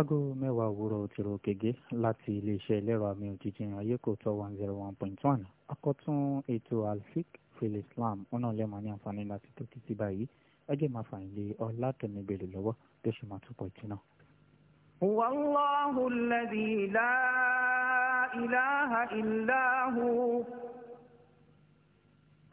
aago mẹ́wàá òwúrọ̀ ti ro gègé láti iléeṣẹ́ ẹlẹ́rọ àmì òjijì ayékòótọ́ one zero one point one akọ́tún ètò alfik fil islam ọ̀nà lẹ́mọ̀ ní àǹfààní láti tó títí báyìí ẹjẹ́ máa fà ilé ọlá tẹ̀mẹ́bẹ̀lẹ̀ lọ́wọ́ tó ṣe máa túbọ̀ ìtúná. wàláhùn lẹ́dí láà ìláhà ìláhùn.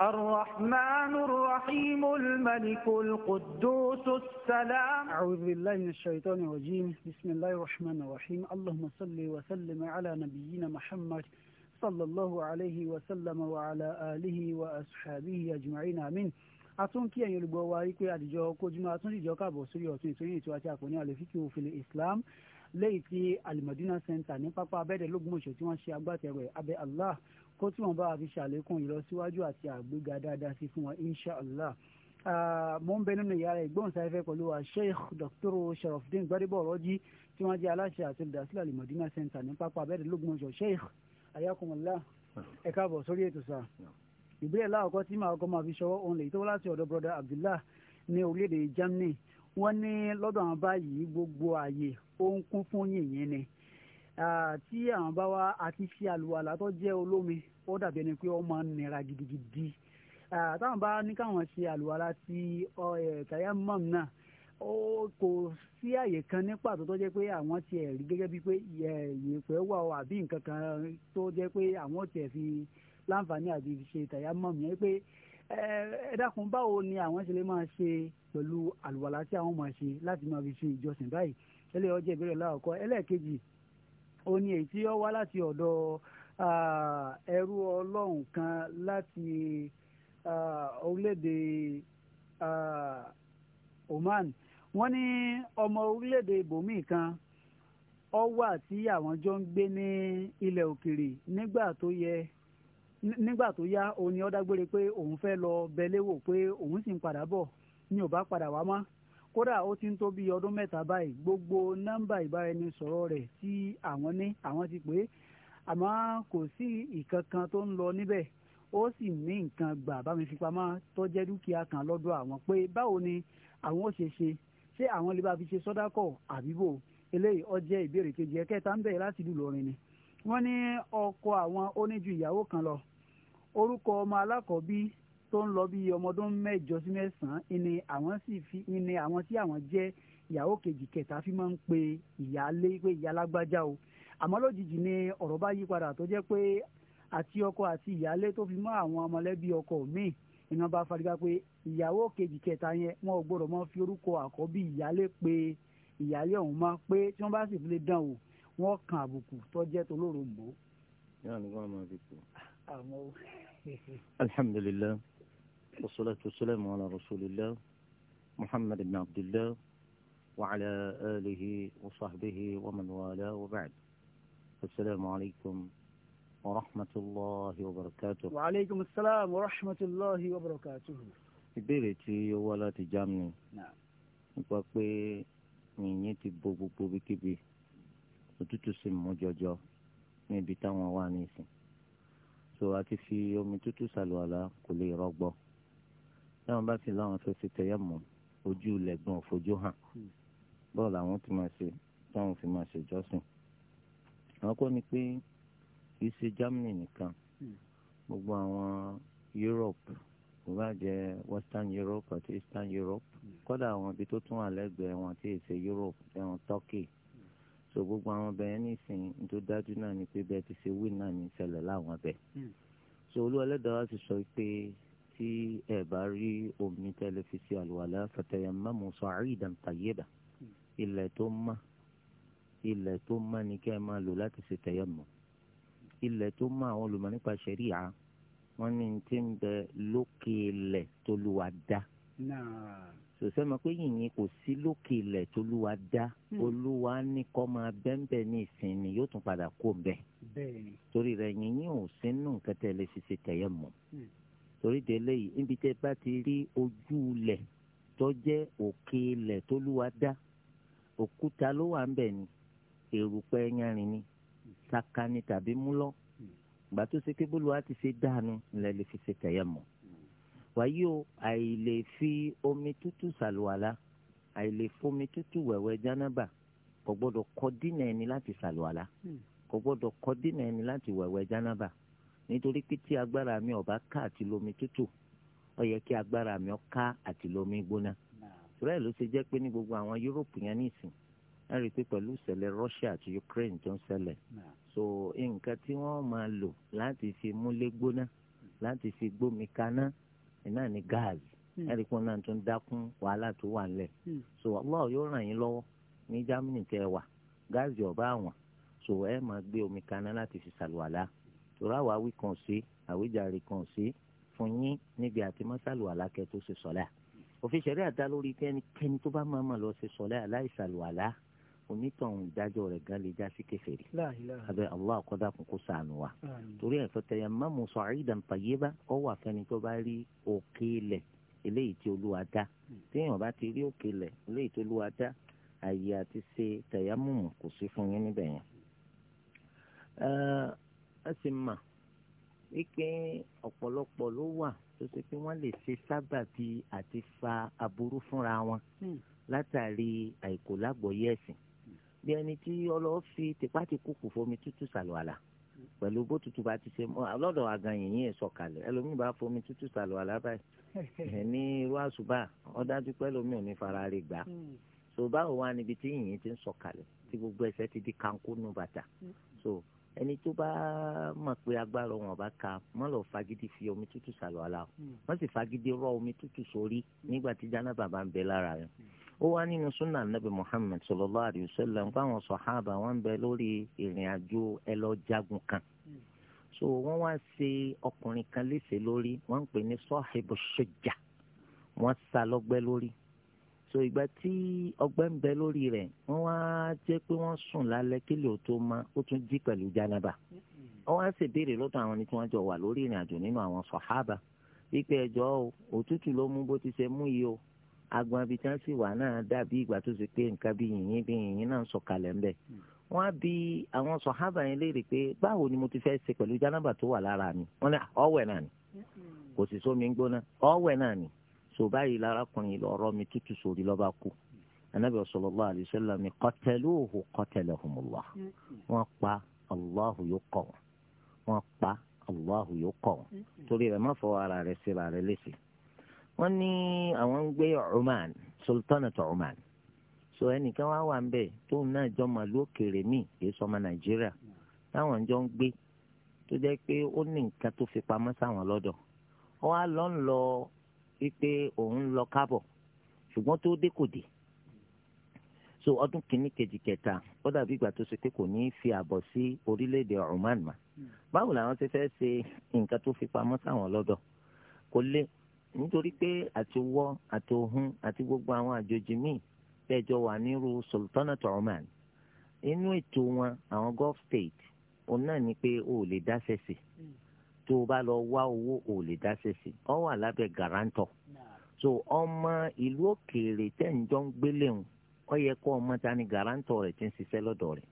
الرحمن الرحيم الملك القدوس السلام أعوذ بالله من الشيطان الرجيم بسم الله الرحمن الرحيم اللهم صل وسلم على نبينا محمد صلى الله عليه وسلم وعلى آله وأصحابه أجمعين آمين atún kí ẹ̀yin olùgbọ́ wa rí pé àdìjọ kojúmọ́ atún ìjọ káàbọ̀ sórí ọ̀tún ìtòyìn ètò àti àpò ní àlòfíkì òfin islam lẹ́yìn tí alimadina center ní pápá abẹ́dẹ̀ lógúnmọ̀ṣọ́ tí wọ́n ṣe agbátẹrù ẹ̀ abẹ́ allah kó tí wọ́n bá wa fi ṣàlékún ìlọsíwájú àti àgbéga dáadáa sí fún wọn inshallah mo ń bẹ nínú yàrá ìgbóhùnsáfẹ́fẹ́ pẹ̀lú wa sheikh dr sharafdin gbadebo ọ̀rọ̀jì tí wọ́n jẹ́ aláṣẹ àti olùdásílẹ̀ alimọ̀dínà center ní pápá abẹ́rẹ́ lógúnmọ̀ṣọ́ sheikh ayakunmọ̀lá ẹ káàbọ̀ sórí ètò sáà ìbéèrè láàkọ́ tí màá kọ́ máa fi ṣọwọ́ òun lè tó láti ọ̀dọ̀ brother abdullah ní orílẹ̀-èdè germany wọ́n ní lọ́dọ̀ àwọn báyìí gbogbo ààyè ó ń kún fún yìnyín ni tí àwọn bá wá àti ṣe àlùwàlà tó jẹ́ olómi ó dàbí ẹni pé ó máa ń nira gidigidi táwọn bá ní káwọn ṣe àlùwàlà ti tayammum náà kò sí àyè kan ní pàtó tó jẹ́ pé àwọn tiẹ̀ rí gẹ́gẹ́ bíi pé ìyẹ̀pẹ̀ wà ó àbí nǹkan kan tó jẹ́ pé àwọn tiẹ̀ fi láǹfààní àbí ṣe tayammum yẹn pé ẹ dákun báwo ni àwọn ṣe lè máa ṣe pẹ̀lú àlùwàlá tí àwọn máa ṣe láti máa fi ṣe ìjọsìn báyìí ẹlẹ́yọ̀ ọjọ́ ìbéèrè láàkọ́ ẹlẹ́ẹ̀kejì Oni ní èyí tí ó wá láti ọ̀dọ̀ ẹrú ọlọ́run kan láti orílẹ̀-èdè Oman wọ́n ní ọmọ orílẹ̀-èdè ibòmí kan ó wà tí àwọn jọ ń gbé ní ilẹ̀ òkèèrè nígbà tó yẹ nígbà tó yá òun ni ó dágbére pé òun fẹ́ lọ bẹ̀lẹ́wò pé òun sì ń padà bọ̀ ni ò bá padà wá mọ́ kódà ó ti ń tó bí ọdún mẹ́ta báyìí gbogbo nọ́mbà ìbáraẹnisọ̀rọ̀ rẹ̀ tí àwọn ní àwọn ti pè é àmọ́ kò sí ìkankan tó ń lọ níbẹ̀ ó sì ní nǹkan gbà bá mi fi pamọ́ tó jẹ́ dúkìá kan lọ́dọ̀ àwọn pé báwo ni àwọn ó ṣe ṣe ṣé àwọn lè bá fi ṣe sọ́dákọ̀ àbíbò eléyìí ó ìbéèrè kejì ẹ̀kẹta ń bẹ̀ láti ìlú Ìlọrin ni wọ́n ní ọkọ àwọn oníjú ìyàwó kan lọ orúkọ ọmọ alákọ̀ọ́bí tó ń lọ bí ọmọdún mẹ́jọ sí mẹ́sàn ìní àwọn sì fi ìní àwọn tí àwọn jẹ́ ìyàwó kejì kẹta fi máa ń pe ìyáálé pé ìyálágbájá o àmọ́ lójijì ni ọ̀rọ̀ bá yí padà tó jẹ́ pé àti ọkọ àti ìyáálé tó fi mọ́ àwọn ọmọlẹ́bí ọkọ míì iná bá fariga pé ìyàwó kejì kẹta yẹn wọn ò gbọdọ̀ mọ́ fi orúkọ àkọ́bí ìyáálé pé ìyáálé ọ̀hún máa pé tí wọ́n bá sì fi lè dán o wọ́n kan àbùkù tó jẹ́ tolóró mọ́. yàrá ni wọn máa fi kú. alhamdulilayi. والصلاة والسلام على رسول الله محمد بن عبد الله وعلى آله وصحبه ومن والاه وبعد السلام عليكم ورحمة الله وبركاته وعليكم السلام ورحمة الله وبركاته ìbéèrè tí ó wá láti Germany nípa pé yìnyín ti bo gbogbo bíkíbi òtútù sì mú jọjọ níbi táwọn wà nísìn so àti fi omi tútù ṣàlùwàlá kò lè rọgbọ táwọn bá sì láwọn fẹ́ fi tẹ̀yẹ̀ mọ́ ojú lẹ́gbọ̀n òfojú hàn bọ́ọ̀lù àwọn ti máa ṣe táwọn fi máa ṣe jọ́sìn. àwọn kọ́ ni pé kì í ṣe Germany nìkan gbogbo àwọn Europe kò bá jẹ Western Europe àti Eastern Europe kódà àwọn ibi tó tún wà lẹ́gbẹ̀ẹ́ wọn tí èsè Europe ẹ̀wọ̀n Turkey so gbogbo àwọn ọbẹ̀ yẹn nísìnyí tó dájú náà ni pé bẹ́ẹ̀ ti ṣe wí náà ní ìṣẹ̀lẹ̀ láwọn ọbẹ̀ so olú ẹlẹ́dàá wa ti sọ pé tí ẹ bá rí omi tẹlifíṣì àlùwàlá fatayammamu sa'idan tayyiba ilẹ̀ tó mọ́ ilẹ̀ tó mọ́ ni kẹ́ ẹ máa lò láti ṣe tayammum ilẹ̀ tó mọ́ àwọn olùmọ̀ nípa ṣẹ̀ríà wọ́n ní ti ń bẹ lókè ilẹ̀ tó lù wá dá sòsẹ́ ma pé yìnyín kò sí lókè ilẹ̀ tó lúwa dá hmm. olúwa ní kọ́ máa bẹ́ńbẹ́ ní ìsinmi yóò tún padà kó bẹ́ẹ̀ torí rẹ̀ yìnyín ò sínú nǹkan tẹ́ ṣiṣẹ́ tẹ̀yẹ̀ mọ́ torí délé yìí níbi tẹ́ bá ti rí ojú ilẹ̀ tó jẹ́ òkè ilẹ̀ tó lúwa dá òkúta ló wà ń bẹ̀ ni èrùpẹ̀ yanrìn ni sakani tàbí múlọ́ gbà tó ṣe kébólú wa ti ṣe dáanu ńlẹ̀ lè fi ṣe tẹ̀yẹ̀ mọ́ wàyí o àìlè fi omi tútù ṣàlùwàlá àìlè fomi tútù wẹ̀wẹ̀ jánábà kò gbọ́dọ̀ kọ́ dínà ẹni láti ṣàlùwàlá kò gbọ́dọ̀ kọ́ dínà ẹni láti wẹ̀wẹ̀ jánábà nítorí pé tí agbára mi ò ká àti lomi tútù ó yẹ kí agbára mi ó àti lomi gbóná ìṣúra ẹ̀ ló ṣe jẹ́ pé ní gbogbo àwọn yúróòpù yẹn nísìn ẹ rí i pé pẹ̀lú ìṣẹ̀lẹ̀ Russia àti Ukraine tó ń ṣẹlẹ̀ so nǹkan tí wọ́n máa lò láti fi múlé gbóná láti fi gbómi kaná iná ní gáàsì ẹ rí i pé wọ́n náà tún dákún wàhálà tó wà nílẹ̀ so Allah yóò ràn yín lọ́wọ́ ní Germany tẹ́ ẹ wà gáàsì ọ̀bá àwọn so ẹ máa gbé omi kaná láti fi ṣàlùwàlá tòrọ àwáwí kan sí àwíjàre kan sí fún yín níbi àti mọ́sálù àlákẹ́ tó ṣe sọ́lá òfin ṣẹ̀rí àdá lórí kẹ́nikẹ́ni tó bá máa ma lọ ṣe sọ́lá aláìsàlù àlá onítọ̀hún ìdájọ́ rẹ̀ gan lè já sí kèfèrí abẹ́ allah akọ́dá kún kó sànù wa torí ẹ̀ fẹ́tẹ̀ yẹn mọ́mú sa'idan tayyiba ọ wà fẹ́ni tó bá rí òkè ilẹ̀ eléyìí tí olúwa dá hmm. téèyàn bá ti rí òkè ilẹ̀ eléyìí tí olúwa dá àyè àti ṣe tẹ̀yàmùmù kò sí fún yín níbẹ̀ yẹn a sì mà wípé ọ̀pọ̀lọpọ̀ ló wà tó ṣe pé wọ́n lè ṣe sábàbí àti fa aburú fúnra wọn hmm. látàrí àìkò lágbọ̀ọ́yé ẹ̀sìn bí ẹni tí ọlọ́wọ́ fi tipátìkúkù fomi tútù ṣàlùwàlà pẹ̀lú bó tutù bá ti ṣe mọ́ ọlọ́dọ̀ àgànyìn yìí sọ̀kalẹ̀ ẹlòmíì bá fomi tútù ṣàlùwàlà báyìí ní irú àṣùbà ọ̀dájú pé ẹlòmíì ò ní fara rí gbà hmm. so báwo wá níbi tí yìnyín ti ń sọ̀kalẹ̀ tí gbogbo ẹsẹ̀ ti di kankú nù bàtà hmm ẹni tó bá mọ̀ pé agbára wọn bá ka mọ́ lọ fagidi fi omi tútù sàlọ́ ala wọ́n hmm. sì fagidi rọ omi tútù sórí hmm. nígbà tí jánábà bá ń bẹ lára rẹ̀ hmm. ó wá nínú sunna nabi muhammed sallallahu alayhi wa sallam fáwọn sọ̀hábà wọn bẹ lórí ìrìn àjò ẹlọ́jagun kan so wọ́n wá ṣe ọkùnrin kan léṣe lórí wọ́n ń pè ní sọ́ọ̀hìbù ṣọ́jà wọ́n sá lọ́gbẹ́ lórí so ìgbà tí ọgbẹ́ ń bẹ lórí rẹ̀ wọ́n wá jẹ́ pé wọ́n sùn lálẹ́ kí lè o tó ma ó tún jí pẹ̀lú jánábà wọ́n wá ṣèbéèrè lọ́dọ̀ àwọn ẹni tí wọ́n jọ wà lórí ìrìn àjò nínú àwọn sọ̀hábà wípé ẹjọ́ òtútù ló mú bó ti ṣe mú yìí o agbọn ibi tí wọ́n sì wà náà dàbí ìgbà tó ṣe pé nǹkan bí yìnyín bí yìnyín náà ń sọ̀kalẹ̀ ńbẹ̀ wọ́n á bi àwọn sọ̀hábà yẹn léèrè pé báwo ni mo ti fẹ́ ṣe pẹ̀lú jánábà tó wà lára mi wọ́n ní ọ̀wẹ̀ náà ni kò sì sómi gbóná ọ̀wẹ̀ náà ni so báyìí lárakùnrin lọ ọ̀rọ̀ mi tútù sórí lọ́ba kú anabi sallallahu alayhi wa sallam ni qataluhu qatalahumullah wọ́n pa allahu yóò kọ̀ wọ́n wọ́n pa allahu yóò kọ̀ wọ́n torí rẹ̀ má fọ ara rẹ̀ síra rẹ̀ léṣe. wọ́n ní àwọn ń gbé Oman sultanate Oman so ẹnìkan wá wà ń bẹ̀ tóun náà jọ màlúù òkèèrè míì kì í sọmọ nàìjíríà táwọn jọ ń gbé tó jẹ́ pé ó ní nǹkan tó fi pamọ́ sáwọn lọ́dọ̀ wọ́n á lọ lọ wípé òun lọ kábọ̀ ṣùgbọ́n tó dé kò dé so ọdún kìíní kejì kẹta ó dàbí ìgbà tó ṣe pé kò ní í fi àbọ̀ sí orílẹ̀-èdè Oman mà báwo làwọn ṣe fẹ́ ṣe nǹkan tó fi pamọ́ sáwọn lọ́dọ̀ kò lè nítorí pé àti wọ́ àti ohun àti gbogbo àwọn àjòjì míì tẹ́jọ wà nírú Sultanate Oman inú ètò wọn àwọn gulf state òun náà ni pé o ò lè dá sẹ́sì tó o bá lọ wá owó ò lè dá sèse ọ wà lábẹ́ garantọ so ọmọ ìlú òkèèrè tẹ̀ǹjọ́ ń gbélé ń ọ yẹ kó ọmọ ta ni garantọ rẹ̀ ti ń ṣiṣẹ́ lọ́dọ̀ rẹ̀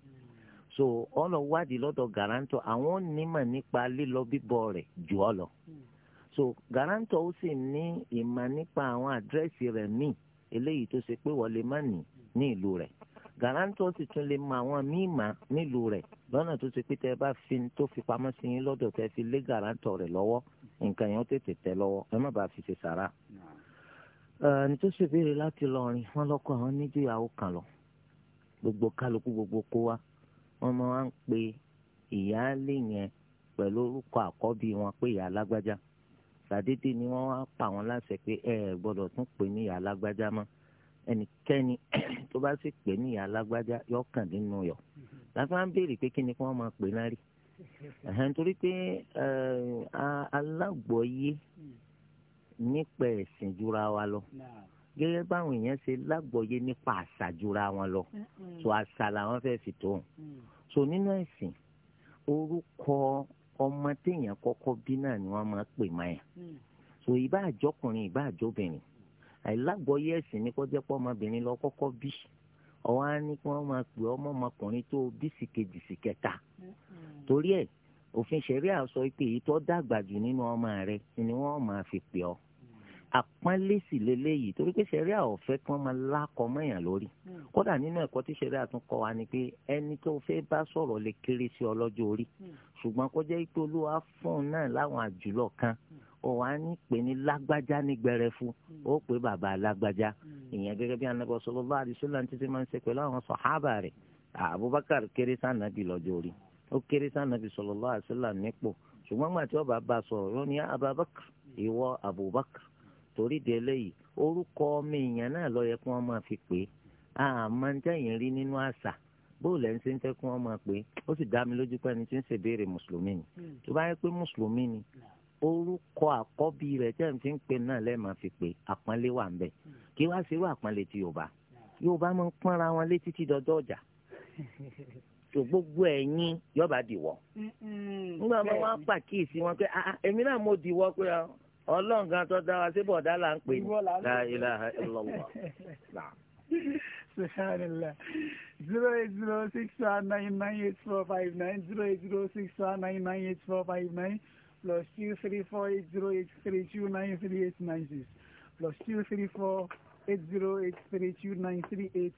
so ọlọ wádìí lọ́dọ̀ garantọ àwọn onímọ̀ nípa lílọ bíbọ̀ rẹ̀ jù ọ lọ so garantọ ó sì ní ìmọ̀ nípa àwọn àdírẹ́sì rẹ̀ míì eléyìí tó ṣe pé wọ́n lè má nì ní ìlú rẹ̀ garanto sì tún lè mọ àwọn míì mà nílùú rẹ̀ lọ́nà tó ṣe pé tẹ́ ẹ bá fi tó fi pamọ́ sí yín lọ́dọ̀ tẹ́ fi lé garanto rẹ̀ lọ́wọ́ nǹkan yẹn ó tètè tẹ́ lọ́wọ́ ẹ má bàa fi ṣe sàrà. ẹni tó ṣe béèrè láti lọrin wọn lọkọ àwọn níjìyàwó kan lọ gbogbo kálukú gbogbo kó wa wọn máa ń pe ìyáálé yẹn pẹ̀lú orúkọ àkọ́bí wọn pé ìyá alágbájá sàdédé ni wọ́n wá pa wọn láṣẹ pé ẹ gbọ́dọ̀ tún pè ní ìyá alágbájá mọ́ ẹnikẹ́ni tó bá sì pè ní ìyá alágbájá yọ kàn nínú yọ láti máa ń béèrè pé kí ni kí wọ́n máa pè náà rí nítorí pé alágbọ̀ọ́yé nípa ẹ̀sìn jura wa lọ gẹ́gẹ́ báwọn èèyàn ṣe lágbọ̀ọ́yé nípa àṣà jura wọn lọ tó àṣà làwọn fẹ́ fi tó so nínú ẹ̀sìn orúkọ ọmọ téèyàn kọ́kọ́ bí náà ni wọ́n máa pè máa yàn so ìbá àjọkùnrin ìbá àjọbìnrin àìlágbọ́yé ẹ̀sìn ni kó jẹ́ pé ọmọbìnrin lọ kọ́kọ́ bí ọwọ́ á ní kí wọ́n máa pè ọmọ ọmọkùnrin tó bí sì kejì sì kẹta mm-hmm. torí ẹ̀ òfin ṣẹ̀rí àsọ pé èyí tó dàgbà jù nínú ọmọ rẹ ni wọ́n máa fi pè ọ́ àpọ́nlẹ́sì lélẹ́yìí torí pé ṣẹ̀rí àọ̀fẹ́ kí wọ́n máa lákọ mọ́yàn lórí mm-hmm. kódà nínú ẹ̀kọ́ tí ṣẹ̀rí àtúnkọ́ wa ni pé ẹni tó fẹ́ bá sọ̀rọ̀ lè kéré sí ọlọ́jọ́ orí mm-hmm. ṣùgbọ́n kó jẹ́ pé olúwa fún un náà láwọn àjùlọ kan o wà ní pè ní lágbájá ní gbẹrẹfu ó pè bàbá lágbájá hmm. ìyẹn gẹ́gẹ́ bí anabi sallallahu alaihi wasallam títí máa ń ṣe pẹ̀lú àwọn sàhábà rẹ̀ Abubakar kéré sànàbì lọ́jọ́ orí ó kéré sànàbì sallallahu alaihi wasallam nípò ṣùgbọ́n gbàtí ọba bá sọ̀rọ̀ yóò ní Abubakar ìwọ Abubakar torí di eléyìí orúkọ ọmọ èèyàn náà ló yẹ kí wọ́n máa fi pè é àmọ́ ń tẹ̀yìn rí nínú àṣà bóòlù ẹ̀ ń ń fẹ́ kí wọ́n máa pè é ó sì dá mi lójú pé ẹni tí ń ṣèbéèrè mùsùlùmí ni hmm. tó bá yẹ pé mùsùlùmí ni hmm orúkọ àkọ́bí rẹ̀ tẹ́ ń fi ń pè náà lẹ́ẹ̀ma fi pé àpọ́nlé wà ń bẹ̀ kí wá sí irú àpọ́nlé ti yorùbá yorùbá máa ń pọ́nra wọn létí tí dọjọ́ ọjà tó gbogbo ẹ̀yin yọba dìwọ́ nígbà máa wá pàkíyèsí wọn pé ah, ah, èmi náà mo dìwọ́ pé ọlọ́run gan tó dá sí bọ̀dá là ń pè ní la ilaha illallah. Zero eight zero six one nine nine eight four five nine zero eight zero six one nine nine eight four five nine plus two three four eight zero eight three two nine three eight nine six plus two three four eight zero eight three two nine three eight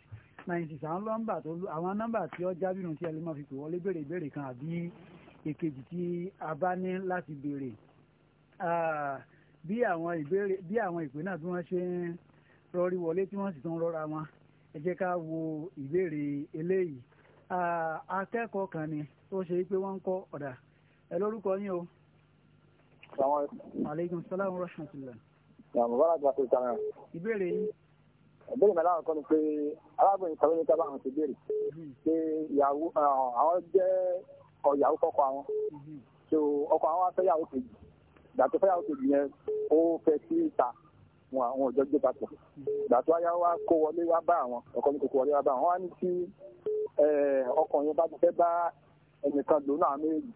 nine six àwọn nọ́mbà tó àwọn nọ́mbà tí ó jábí nù tí ẹ lè máa fi pè wọlé béèrè ìbéèrè kan àbí èkejì tí a bá ní láti béèrè bí àwọn ìbéèrè bí àwọn ìpè náà bí wọ́n ṣe ń rọrí wọlé tí wọ́n sì tún rọra wọn ẹ jẹ́ ká wo ìbéèrè eléyìí akẹ́kọ̀ọ́ kan ni ó ṣe é pé wọ́n ń kọ́ ọ̀dà ẹ lórúkọ yín o aleykum salaam wa rahmatulah. bàbá àgbà tó sàmà. ìbéèrè yìí. ìbéèrè mi aláwọ̀ kan ni pé arábìnrin kan ní sábà àwọn ti béèrè hmm. pé ìyàwó àwọn jẹ́ ọ̀yàwó kọ́kọ́ àwọn hmm. so ọkọ àwọn afẹ́yàwó kejì gbàtọ fẹ́yàwó kejì yẹn ó fẹ́ sí ìta wọn àwọn ọjọ́ gbé papọ̀ hmm. gbàtọ ayá wa kó wọlé wá bá àwọn ọkọ mi kò kó wọlé wá bá àwọn wọn á ní kí ọkọ yẹn bá ti fẹ́ bá ẹnìkan lò náà méjì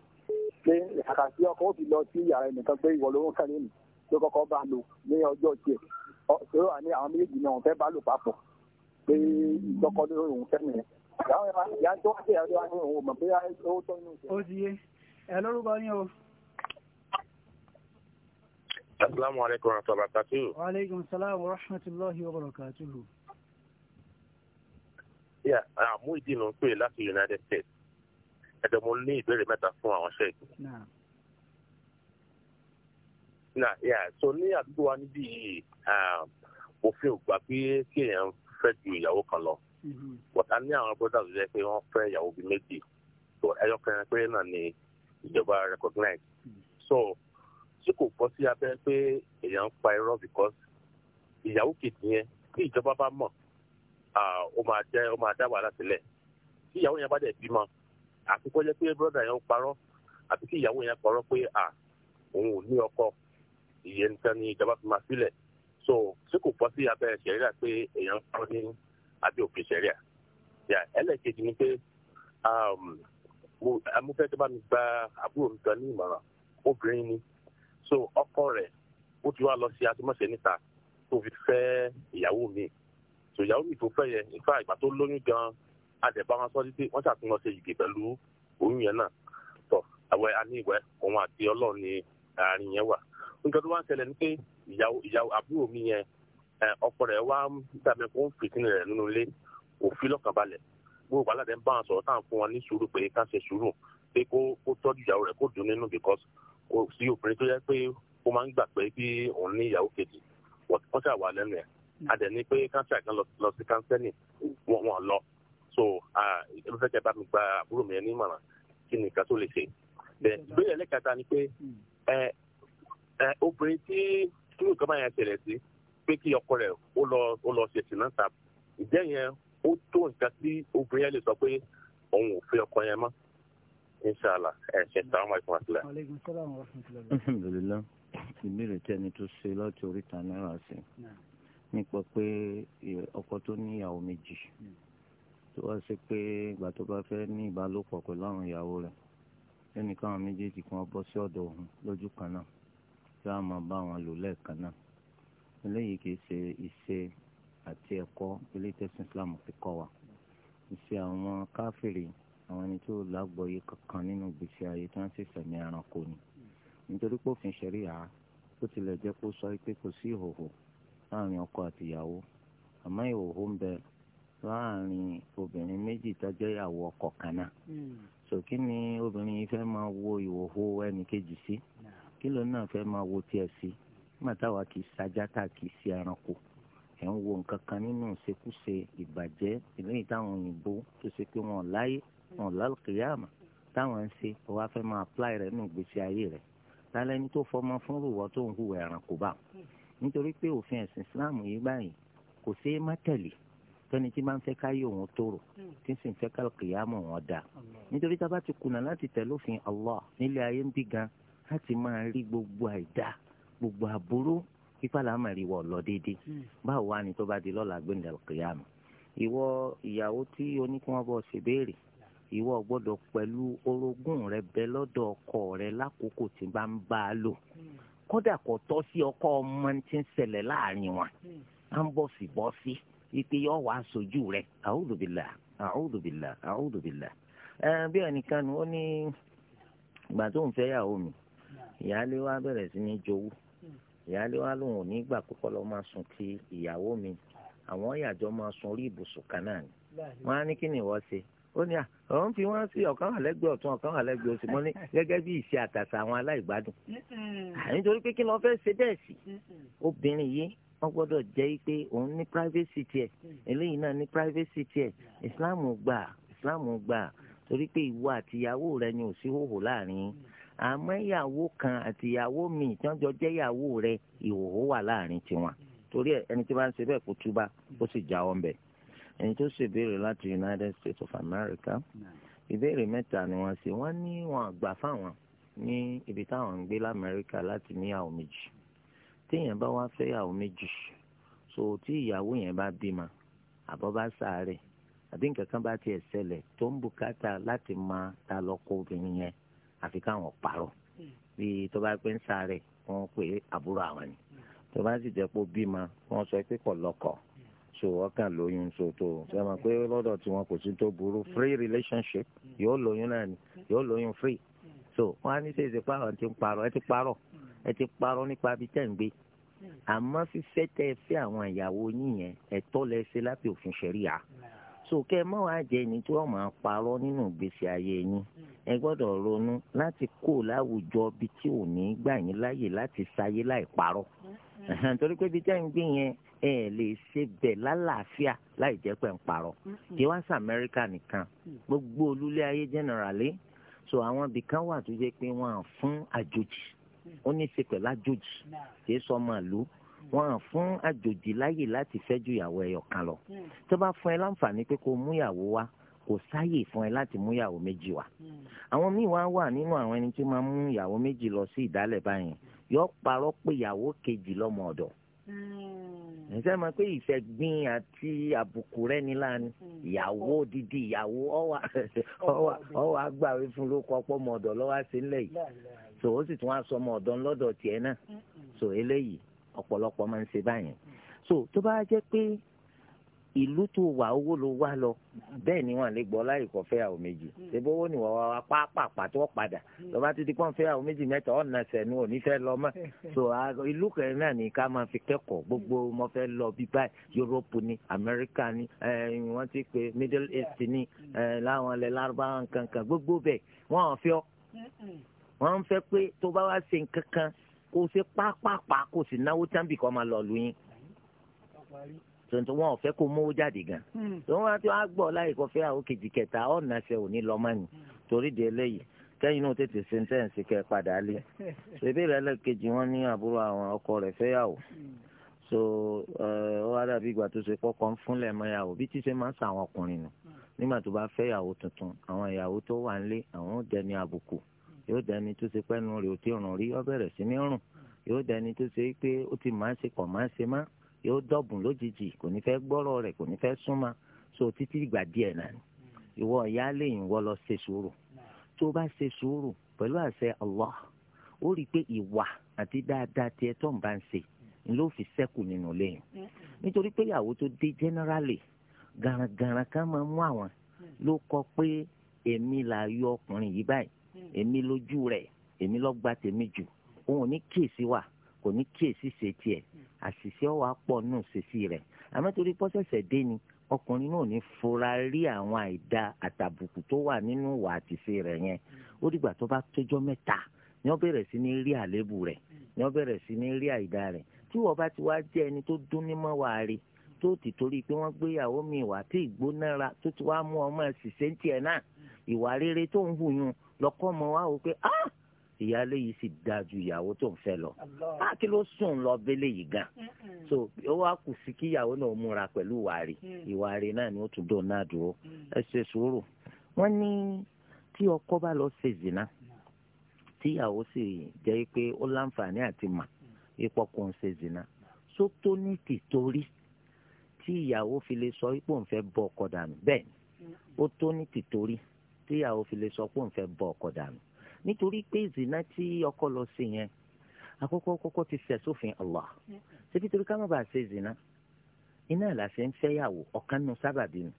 pé àkàtì ọkọ̀ ó fi lọ sí yàrá ẹnìkan pé ìwọ ló ń kàn nínú ló kọ́kọ́ bá lò ní ọjọ́ tiẹ̀ ṣòro àní àwọn méjèèjì ni òun fẹ́ bá lò papọ̀ pé ìtọ́kọ́ ló ń fẹ́ nìyẹn. ìyá tó wá sí ìyàwó wa ní òun mọ̀ pé ó tọ́ inú ìṣẹ́. ó ti yé ẹ lórúkọ ní o. asalaamu aleykum wa rahmatulahi wa barakatuhu. salaam wa rahmatulahi wa barakatuhu. yà á ìdí ló ń pè láti United States ẹ̀dẹ̀ mo ní ìbéèrè mẹ́ta fún àwọn ṣẹ́ẹ̀k so ní àdúgbò wa níbí yìí òfin ah, ò gbà pé kí èèyàn fẹ́ ju ìyàwó kan lọ wọ̀tá mm-hmm. ní àwọn bọ́dà tó jẹ́ pé wọ́n fẹ́ ìyàwó bíi méjì so ẹyọ kẹrin péré náà ni ìjọba recognize mm-hmm. so tí kò bọ́ sí abẹ́ pé èèyàn pa irọ́ because ìyàwó kejì yẹn tí ìjọba bá mọ̀ ah, ó máa dá wàhálà sílẹ̀ tí ìyàwó yẹn bá dẹ̀ bímọ àti kó jẹ́ pé brọ́dà yẹn ń parọ́ àti kí ìyàwó yẹn parọ́ pé à òun ò ní ọkọ ìyẹn nìkan ni ìjọba fi máa sílẹ̀ so ṣé kò fọ́ sí abẹ́ ṣẹ̀ríà pé èèyàn ń parọ́ ní àbí òfin ṣẹ̀ríà ẹlẹ́ẹ̀kejì ni pé um, mo tó bá mi gba àbúrò mi kan ní ìmọ̀ràn obìnrin ni so ọkọ rẹ̀ ó ti wá lọ sí atúmọ̀ṣe níta tó fi fẹ́ ìyàwó mi so ìyàwó mi tó fẹ́ yẹn nípa ìgbà tó lóyún gan-an àdẹ̀bá wọn sọ títí wọ́n ṣàtún lọ ṣe ìgè pẹ̀lú oyún yẹn náà tọ̀ àwẹ̀ àní òun àti ọlọ́run ni àárín yẹn wà nǹkan tó wá ni pé ìyàwó ìyàwó àbúrò mi yẹn ọkọ rẹ̀ wá ń dàbẹ̀ kó fìtínì rẹ̀ nínú ilé òfin lọ́kànbalẹ̀ gbogbo aládé ń bá wọn sọ̀rọ̀ táwọn fún wọn ní sùúrù pé ká ṣe sùúrù pé kó kó tọ́jú ìyàwó rẹ̀ kó dùn nínú because kò sí obìnrin tó yẹ pé ó máa ń gbà pé bí òun ní ìyàwó kejì wọ́n ṣàwà lẹ́nu ẹ̀ adẹ̀ ni pé káńsà kan lọ sí káńsẹ́nì wọ́n lọ so ah, ẹ bá fẹ́ kẹ́ bá mi gba àbúrò mi ẹ nímọ̀ràn kí ni nǹkan tó lè ṣe. Hmm. ìbéèrè ẹlẹ́kàtà ni pé hmm. obìnrin tí tí nǹkan bá yẹn ṣẹlẹ̀ sí pé kí ọkọ rẹ̀ ó lọ ó lọ ṣe sìnà ta ìjẹ́ yẹn ó tó nǹkan tí obìnrin yẹn lè sọ pé òun ò fi ọkọ yẹn mọ́ inṣàlá ẹ ṣe sàrán wáyé fún àtìlẹ. alhamdulilah ìbéèrè tí ẹni tó ṣe láti oríta náírà sí nípa pé ọkọ tó níyàwó méjì. Hmm tó wá sí pé ìgbà tó bá fẹ́ ní ìbálòpọ̀ pẹ̀lú àwọn ìyàwó rẹ̀ lẹ́nu káwọn méjèèjì kan bọ́ sí ọ̀dọ̀ òun lójú kan náà tí wọ́n máa bá wọn lò lẹ́ẹ̀kan náà eléyìí kìí ṣe ìṣe àti ẹ̀kọ́ ilé tẹ̀sán Islam fi kọ́ wa ìṣe àwọn káfìrí àwọn ẹni tó lágbọ́yé kankan nínú gbèsè ayé tí wọ́n sì sẹ̀mí ẹranko ni nítorí pé òfin ṣẹ̀ríà ó tilẹ̀ jẹ́ kó sọ pé kò sí ìhòhò láàrin ọkọ àtìyàwó àmọ́ ìhòhò ń bẹ láàrin obìnrin méjì tọ́jọ́ ìyàwó ọkọ kan náà hmm. sòkí ni obìnrin yìí fẹ́ máa wo ìhòhò ẹnì kejì sí kí ló náà fẹ́ máa wo tiẹ̀ sí mọ̀tàwá kì í sajá tá kì í sí ẹranko ẹ̀ ń wo nǹkan kan nínú ìṣekúṣe ìbàjẹ́ eléyìí táwọn òyìnbó tó ṣe pé wọn láyé wọn lálùkìyàmà táwọn ń ṣe wọ́n á fẹ́ máa apply rẹ̀ nínú ìgbésí ayé rẹ̀ lálẹ́ ní tó fọmọ fún rúwọ́ tó ń hùwà ẹranko bá hmm. nítorí pé òfin ẹ̀sìn Islam yìí báyìí kò ṣeé má tẹ̀lé fẹ́ni tí máa ń fẹ́ káyé òun tóró hmm. tí ń sì ń fẹ́ kálkìyàmọ̀ wọn dà nítorí tá a bá ti kùnà láti tẹ̀lófin Allah nílé ayé ń bí gan láti máa rí gbogbo àìdá gbogbo àbúrú ipa là máa rí wọ lọ déédéé hmm. báwo wá ni tó bá di lọ́la gbẹ̀ndẹ̀ kìyàmù ìwọ ìyàwó tí oníkùn bọ̀ ṣe béèrè ìwọ gbọ́dọ̀ pẹ̀lú orogún rẹ bẹ lọ́dọ̀ ọkọ rẹ lákòókò tí bá ń bá a lò hmm. kódà kò tọ́ sí ọkọ ọmọ tí ń ṣẹlẹ̀ láàrin wọn à ń bọ̀ sí bọ́ sí. Si ipe yọ wàá sojú rẹ a'udhu billah a'udhu billah a'udhu billah ẹ bí ẹnìkan ni ó ní ìgbà tó ń fẹ́ yàwó mi ìyáálé wa bẹ̀rẹ̀ sí ní jowú ìyáálé wa lòun ò ní gbà kókó lọ máa sùn kí ìyàwó mi àwọn ìyàjọ máa sùn orí ibùsùn kan náà ni wọn á ní kí ni ìwọ ṣe ó ní à òun fi wọn sí ọ̀kan wà lẹ́gbẹ̀ẹ́ ọ̀tún ọ̀kan wà lẹ́gbẹ̀ẹ́ òsì mọ́ ní gẹ́gẹ́ bí ìṣe àtàtà àwọn aláìgbádùn nítorí pé kí ló fẹ́ ṣe bẹ́ẹ̀ sí obìnrin yìí wọ́n gbọ́dọ̀ jẹ́ pé òun ní privacy tiẹ̀ eléyìí náà ní privacy tiẹ̀ islam gbà islam gbà torí pé ìwọ àtìyàwó rẹ ni ò sí hòhò láàrin àmọ́ ìyàwó kan àtìyàwó míì tí wọ́n jọ jẹ́ ìyàwó rẹ ìhòhò wà láàrin tiwọn torí ẹni tí wọ́n ṣe bẹ́ẹ̀ kó túbá ó sì jáwọ́ ń bẹ̀ ẹni tó ṣe ìbéèrè láti United States of America ìbéèrè mẹ́ta ni wọ́n ṣe wọ́n ní wọn àgbà fáwọn ní ibi táwọn ń gbé lamẹ́ríkà láti níyàwó méjì téèyàn bá wá fẹ́ méjì so tí ìyàwó yẹn bá bímọ àbọ̀ bá sáré àbí nǹkan kan bá tiẹ̀ ṣẹlẹ̀ tó ń bùkátà láti máa ta lọ́kọ obìnrin yẹn àfi káwọn parọ́ bí tó bá pé ń sáré wọn pè é àbúrò àwọn ni tó bá sì jẹ́ pé bímọ wọn sọ pé kò lọ́kọ so ọkàn lóyún so tó ṣe máa pé lọ́dọ̀ tí wọn kò sí tó burú free relationship yóò lóyún náà ni yóò lóyún free so wọn á ní sèse pààrọ̀ ẹ ti parọ́ ẹ ti parọ́ nípa bí tẹ̀ ń gbé àmọ́ fífẹ́ tẹ́ ẹ fẹ́ àwọn ìyàwó yín yẹn ẹ̀tọ́ lẹ ṣe lábẹ́ òfin ṣẹ̀ríà sòkè ẹ má wàá jẹ ẹni tí wọ́n máa parọ́ nínú ìgbésí ayé yín ẹ gbọ́dọ̀ ronú láti kó láwùjọ bí tí ò ní gbà yín láàyè láti ṣayé láì parọ́ torí pé bí tẹ́ ń gbé yẹn ẹ lè ṣe bẹ̀ lálàáfíà láì jẹ́ pé ń parọ́ kí wá sí Amẹ́ríkà nìkan gbogbo olúlé ayé generally so àwọn ibìkan wà tó jẹ́ pé wọ́n á fún àjòjì ó ní í ṣe pẹ̀lú àjòjì kì í sọ ọmọ ìlú wọn à fún àjòjì láyè láti fẹ́ ju ìyàwó ẹyọ kan lọ tó bá fún ẹ láǹfààní pé kó mú ìyàwó wá kò sáyè fún ẹ láti mú ìyàwó méjì wá àwọn míì wá wà nínú àwọn ẹni tí máa mú ìyàwó méjì lọ sí ìdálẹ̀ báyìí yọ parọ́ pé ìyàwó kejì lọ́mọ ọ̀dọ̀ hmm. ǹjẹ́ mọ̀ pé ìfẹ́gbin àti àbùkù rẹ ní láàánú hmm. ìyàwó dídí ìyàwó ọwà ọwà ọwà agbáwé fún ló kọ́ pọ́ mọ̀ọ́dọ̀ lọ́wọ́ sí ńlẹ̀ yìí so ó sì tún wá sọmọ ọ̀dọ́ ńlọ́dọ̀ tiẹ̀ náà so eléyìí ọ̀pọ̀lọpọ̀ máa ń ṣe báyẹn so tó bá jẹ́ pé ìlú tó wà owó ló wá lọ bẹ́ẹ̀ ni wọ́n lè gbọ́ láì kọ́ fẹ́yàwó méjì mm. ṣebí owó ni wọ́n wá pàápàá tó padà lọ́ba mm. tó ti pọ́n fẹ́yàwó méjì mẹ́ta ọ̀nà sẹ̀nu ò ní fẹ́ lọ mọ́ so ìlú kẹrin náà ni ká máa fi kẹ́kọ̀ọ́ gbogbo mm. mo fẹ́ lọ bí báyìí yúróòpù ni amẹ́ríkà ni wọ́n ti pè middle east ni láwọn ilẹ̀ lárúbáwá kankan gbogbo bẹ́ẹ̀ wọ́n fi ọ́ wọ́n ń fẹ́ pé tó bá wá ṣe nǹkan kan kó o ṣe pápápá kó o sì náwó tábì kó o máa lọ lu yín tuntun wọn ò fẹ́ kó mówó jáde gan tó hmm. wọn ti wá gbọ́ láyé kọfẹ àwọn kejì kẹta ọ̀nà ṣe òní lọ́mọ́ni torí di eléyìí kẹ́yìn náà tètè ṣe ń tẹ̀sí kẹ́ padà lé ṣèbí rẹ̀ lẹ́ẹ̀kejì wọn ní àbúrò àwọn ọkọ rẹ̀ fẹ́yàwó so eh, ó wá dàbí ìgbà tó ṣe kọ́kọ́ ń fúnlẹ̀ mọ́yàwó bí tí ṣe máa ń sa àwọn ọkùnrin nù nígbà tó bá fẹ́yàwó tuntun àwọn ìyàwó tó wà ń lé àwọn ò dẹni àbùkù yóò dání tó ṣe pẹ́nu rẹ̀ ò tí ì rùn rí ó bẹ̀rẹ̀ sí ní rùn yóò dání tó ṣe pé ó ti máa ń ṣe kọ̀ máa ń ṣe má yóò dọ̀bùn lójijì kò ní fẹ́ gbọ́rọ̀ rẹ̀ kò ní fẹ́ súnmọ́ so títí ìgbà díẹ̀ náà ni ìwọ ìyá lẹ́yìn wọ́ lọ ṣe sùúrù tó bá ṣe sùúrù pẹ̀lú àṣẹ Allah ó rí i pé ìwà àti dáadáa tiẹ̀ tó ń bá ń ṣe ni ló fi sẹ́kù nínú lẹ́yìn nítorí pé ìyàwó tó dé generally garagara kan máa mú àwọn ló kọ pé èmi là yọ ọkùnrin yìí báyìí èmi lójú rẹ̀ èmi ló gba tèmi jù òun ò ní kíyèsí wa kò ní kíyèsí ṣe tiẹ̀ àṣìṣe ọwọ́ apọ̀ nù ṣèṣì rẹ̀ àmọ́ torí pọ́sẹ̀sẹ̀ dé ni ọkùnrin náà ní fura rí àwọn àìda àtàbùkù tó wà nínú ìwà àtìṣe rẹ̀ yẹn ó dìgbà tó bá tójọ́ mẹ́ta ni wọ́n bẹ̀rẹ̀ sí ní rí àléébù rẹ̀ ni wọ́n bẹ̀rẹ̀ sí ní rí àìda rẹ̀ tí wọ́n bá ti wá jẹ́ ẹni tó dún ní mọ́ wàá rí tó ti torí pé wọ́n gbéyàwó mi wà tí ìgbónára tó ti wá mú ọmọ ẹ̀sìn ṣe ń tiẹ̀ náà ìwà rere tó ń hù yún lọ́kọ́ ọmọ wa wò pé ah ìyáálé yìí sì dáa ju ìyàwó tó ń fẹ́ lọ á ah, ló sùn lọ bẹ́lẹ̀ yìí gan so ó wá kù sí kí ìyàwó náà múra pẹ̀lú ìwàrí mm. ìwàrí náà ni ó tún dùn náà dúró mm. ẹ ṣe sùúrù ní tí ọkọ bá lọ ṣe zina tí ìyàwó sì jẹ́ pé ó láǹfààní àti mà ipò kò ń ṣe zina so tó ní tìtorí tí ìyàwó fi lè sọ ipò ń fẹ́ bọ́ ọkọ dànù bẹ́ẹ̀ ó tó ní tìtorí tíyàwó fi lè sọ pé òun fẹ́ bọ dànù nítorí pé zina tí ọkọ lọ sí yẹn àkọ́kọ́ kọ́kọ́ ti ṣẹ̀ sófin Allah ṣebí torí ká má bàa ṣe zina iná ìlàsẹ ń fẹ́yàwó ọ̀kan nù sábàbí mi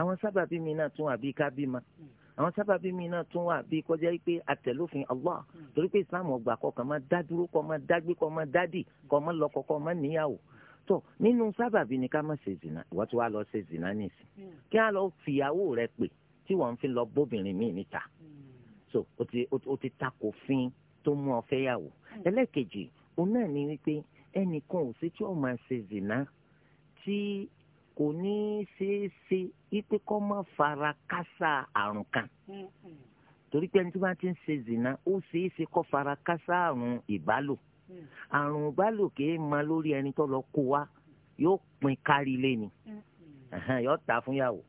àwọn sábàbí mi náà tún àbí ká bí ma àwọn sábàbí mi náà tún wà bí kọjá yìí pé àtẹlófin Allah torí pé Islam ọgbà kọkàn máa dá dúró kọ máa dá gbé kọ máa dá dì kọ máa lọkọ kọ máa níyàwó tó nínú sábàbí ni ká má ṣe zina ìwọ́n ti wá lọ ṣe zina nìsín kí á lọ fìyàwó rẹ pè tí wọ́n fi lọ bóbìnrin míì níta so o ti o ti takò fín tó mú ọ fẹ́ yàwó ẹlẹ́ẹ̀kejì òun náà ni wípé ẹnìkan ò sí tí ó máa ṣe zìnà tí kò ní í ṣeé ṣe wípé kó má fara kásá àrùn kan torí pé ẹni tí wọ́n ti ń ṣe zìnà ó ṣeé ṣe kó fara kásá àrùn ìbálò àrùn ìbálò kì ma lórí ẹni tó lọ kó wa yóò pin kárí ilé ni yóò ta fún yàwó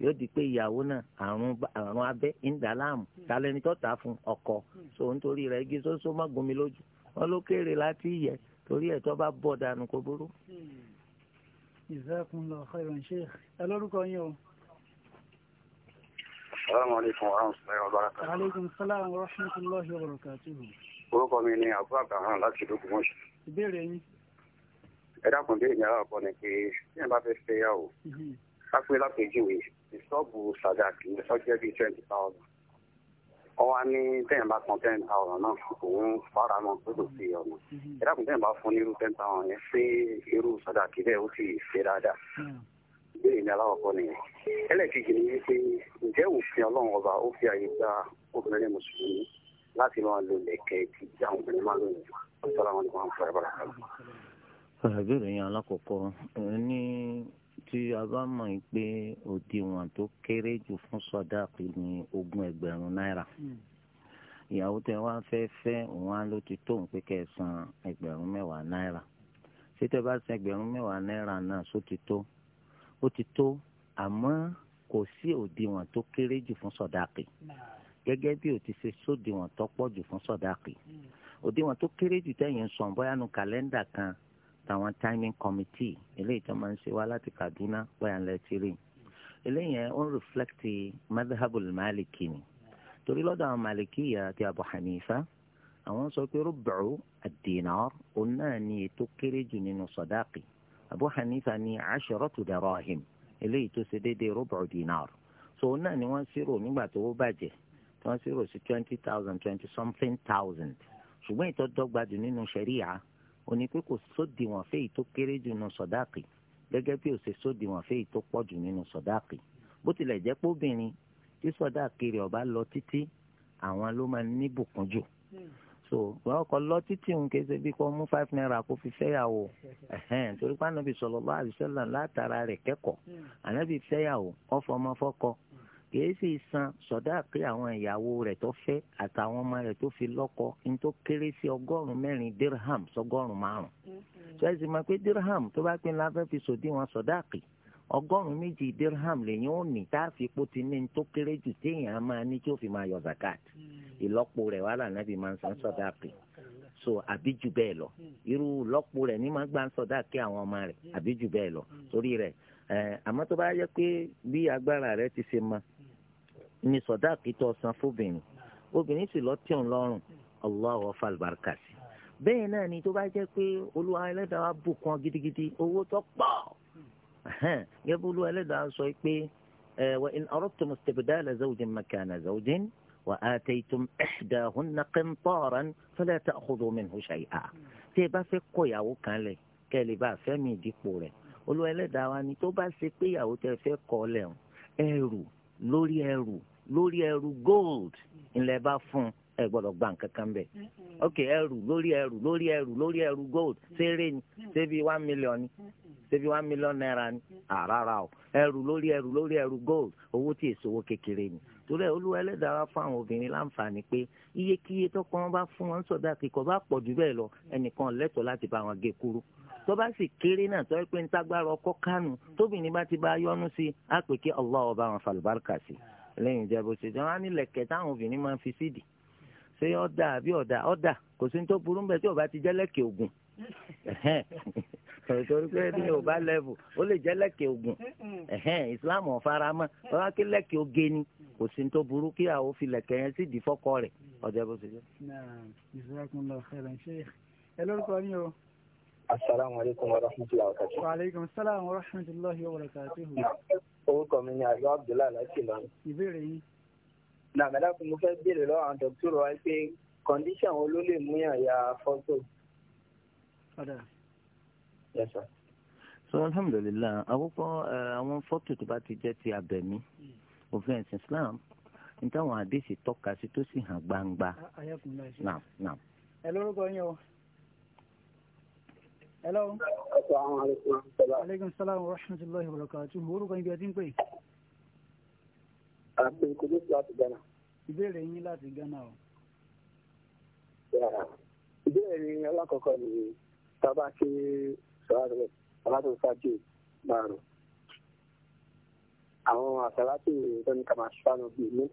yóò di pé ìyàwó náà àrùn àrùn abẹ́ ń dà láàmú talẹni tó tà fún ọkọ so nítorí rẹ̀ igi soso má gbomi lójú wọn ló kéré láti yẹ torí ẹ̀ tó bá bọ̀ dànù kó burú. jazakumullahu khairan sheikh ẹ lórúkọ yín o. salaamaleykum wa rahmatulahi wa barakatuh. aleykum salaam wa rahmatulahi wa barakatuh. orúkọ mi ni àbúrò àbàhàn láti dókun mọ́ṣù. ìbéèrè yín. ẹ dákun bí ìyàrá ọkọ ni pé bí ẹ bá fẹ́ fẹ́ yà o mhm. ká pé lápèjúwe ìṣọ́ọ̀bù sàdáàkì ní sọ́jẹ́ bíi twenty thousand ọwọ́ ní tẹ̀yìn bá san ten thousand náà òun fara mọ́ pé kò sí ọ̀nà ìdáàbò mm-hmm. tẹ̀yìn bá fún nírú ten thousand yẹn sí irú sàdáàkì bẹ́ẹ̀ ó sì ṣe dáadáa mm. ìbéèrè ní aláwọ̀kọ́ nìyẹn ẹlẹ́ẹ̀kejì ni wípé ǹjẹ́ òfin ọlọ́run ọba ó fi àyè gba obìnrin mùsùlùmí láti máa lo lẹ̀kẹ̀ tí àwọn obìnrin máa lò nípa ọ̀sán àwọn ìgbà tí a bá mọ̀ pé òdiwọ̀n tó kéré jù fún sọ̀dáàkì ní ogún ẹgbẹ̀rún náírà hmm. ìyàwó tẹ wá fẹ́ fẹ́ òun á ló ti tó òun pé kẹ́ ẹ san ẹgbẹ̀rún mẹ́wàá náírà ṣé tẹ bá san ẹgbẹ̀rún mẹ́wàá náírà náà só ti tó ó ti tó àmọ́ kò sí òdiwọ̀n tó kéré jù fún sọ̀dáàkì gẹ́gẹ́ bí o ti ṣe sódiwọ̀n tó pọ̀ jù fún sọ̀dáàkì hmm. òdiwọ̀n tó kéré jù tẹ̀yìn sọ̀ bóyá nu kàlẹ́ndà kan tàwọn timing committee eléyìí tó máa ń ṣe wá láti Kaduna bóyá ńlẹ̀ ti rí eléyìí yẹn ó ń reflect madhabul maliki ni torí lọ́dọ̀ àwọn malikiya àti Abu Hanifa àwọn sọ pé rúbùrù ad-dinar òun náà ni ètò kéré jù nínú sọdáàkì Abu Hanifa ni asharatu darahim eléyìí tó ṣe déédéé rúbùrù dinar so òun náà ni wọ́n ṣírò nígbà tó ó bàjẹ́ wọ́n ṣírò sí twenty thousand twenty something thousand ṣùgbọ́n ìtọ́dọ́gba jù nínú ṣẹ̀ríyà òní pé kò sódiwọ̀n fẹ́yìí tó kéré jù nínú sọ̀dáàkì gẹ́gẹ́ bí ó ṣe sódiwọ̀n fẹ́yìí tó pọ̀ jù nínú sọ̀dáàkì bó tilẹ̀ jẹ́ pé obìnrin tí sọ̀dáàkì rẹ̀ ọba lọ títí àwọn ló máa ní bùkún jù hmm. so wọn kọ lọ títí òun kì í ṣe bí kò mú five naira kó fi fẹ́yàwó torí pé ànábì sallallahu alaihi látara rẹ̀ kẹ́kọ̀ọ́ hmm. ànábì fẹ́yàwó ọ̀fọ̀ ọmọ fọ́kọ kìí sì san sọdáàkì àwọn ìyàwó rẹ̀ tó fẹ́ àtàwọn ọmọ rẹ̀ tó fi lọ́kọ ní tó kéré sí ọgọ́rùn-ún dirham sọgọ́rùn-ún márùn. sọ́yẹ́sì mm-hmm. máa pé dirham tó bá pín láfẹ́ fi sòdiwọ̀n sọdáàkì ọgọ́rùn-ún méjì dirham lèyìn ò ní tá a fi kó ti ní tó kéré jù téèyàn á máa ní tí ó fi máa yọ zakat mm-hmm. ìlọ́po rẹ̀ wàhálà náà bí máa ń san sọdáàkì mm-hmm. so àbí jù bẹ́ẹ̀ lọ irú lọ́po rẹ̀ ní máa gbà ń sọdáàkì ní sọdáàkì tó san fóbìnrin obìnrin sì lọ tí òun lọ́rùn allah wa falbarka sí bẹ́ẹ̀ náà ni tó bá jẹ́ pé olúwa ẹlẹ́dàá wa bùkún gidigidi owó tó pọ̀ gẹ́gẹ́ olúwa ẹlẹ́dàá sọ pé wa in aradtum istabdala zawjin makana zawjin wa ataytum ihdahunna qintaran fala ta'khudhu minhu shay'a tí ẹ bá fẹ́ kọ ìyàwó kan lẹ̀ kẹ́ ẹ lè bá fẹ́ mi ìdípò rẹ̀ olúwa ẹlẹ́dàá wa ni tó bá ṣe pé ìyàwó tẹ fẹ́ kọ lẹ̀ ẹrù lórí ẹrù lórí ẹrù gold ńlẹ̀ bá fún ẹ gbọ́dọ̀ gbà nǹkankan bẹ̀ ok ẹrù lórí ẹrù lórí ẹrù lórí ẹrù gold ṣeré ni ṣebí one million ni ṣebí one million naira ni àràrà o ẹrù lórí ẹrù lórí ẹrù gold owó tí èso owó kékeré ni torí ẹ olúwa ẹlẹ́dàá fún àwọn obìnrin láǹfààní pé iyekíye tọkọ wọn bá fún wọn sọdá kíkọ bá pọ̀ jù bẹ́ẹ̀ lọ mm. ẹnìkan lẹ́tọ̀ọ́ láti bá wọn gé kúrú tó bá sì kéré náà tó pé ń tágbára ọkọ kánú mm. tóbìnrin bá ti bá yọnu sí i á pè wọn falùbáríkà sí lẹ́yìn ìjẹ́bù ṣe jẹ́ wọn á nílẹ̀ kẹ́ táwọn obìnrin máa ń fi síìdì ṣé ọ̀dà àbí ọ̀dà ọ̀dà kò sí ní tó burú ń bẹ tí ò bá ti jẹ́ lẹ́kẹ̀ ògùn torí pé ní yorùbá lẹ́vù ó lè jẹ́ lẹ́kẹ̀ ògùn ìsìláàmù ọ̀faramọ́ bàbá kí lẹ́kẹ̀ oge ni kò sí tó burú kí àwọn fi yẹn sí ìdí fọ́kọ rẹ̀ ọjọ́ bó ṣe jẹ́. ẹ lórúkọ ní o. asalaamualeykum wa rahmatulahi wa barakatuh. wa aleykum salaam wa rahmatulahi wa barakatuh orúkọ mi ni ayọ̀ abdullahi láti ìlọrin. ìbéèrè yìí. nàmẹ́dá kò mo fẹ́ béèrè lọ́wọ́ àwọn dọ́kítọ́rọ̀ wa pé kọ́ndíṣàn wo ló lè múyàn ya fọ́tò. ọ̀dà. yes sir. so alhamdulilayi àkókò àwọn fọ́tò tó bá ti jẹ́ ti abẹ̀mí òfin ẹ̀sìn islam ní táwọn àdéhìí tọ́ka sí tó sì hàn gbangba. ayẹ́kùnrin náà. ẹ lórúkọ yín o hello. aleykum salaam wa rahmatulahi wa barakatu orúkọ ibi ẹtí ń pè. àpè kòdó láti Ghana. ìbéèrè yín láti Ghana o. ìbéèrè mi alákọ̀ọ́kọ́ ni tábà ṣe sọ́ọ́rọ̀ alátòsájú márùn-ún àwọn àṣàlátì ìrìn kàmá ṣáná bíi ní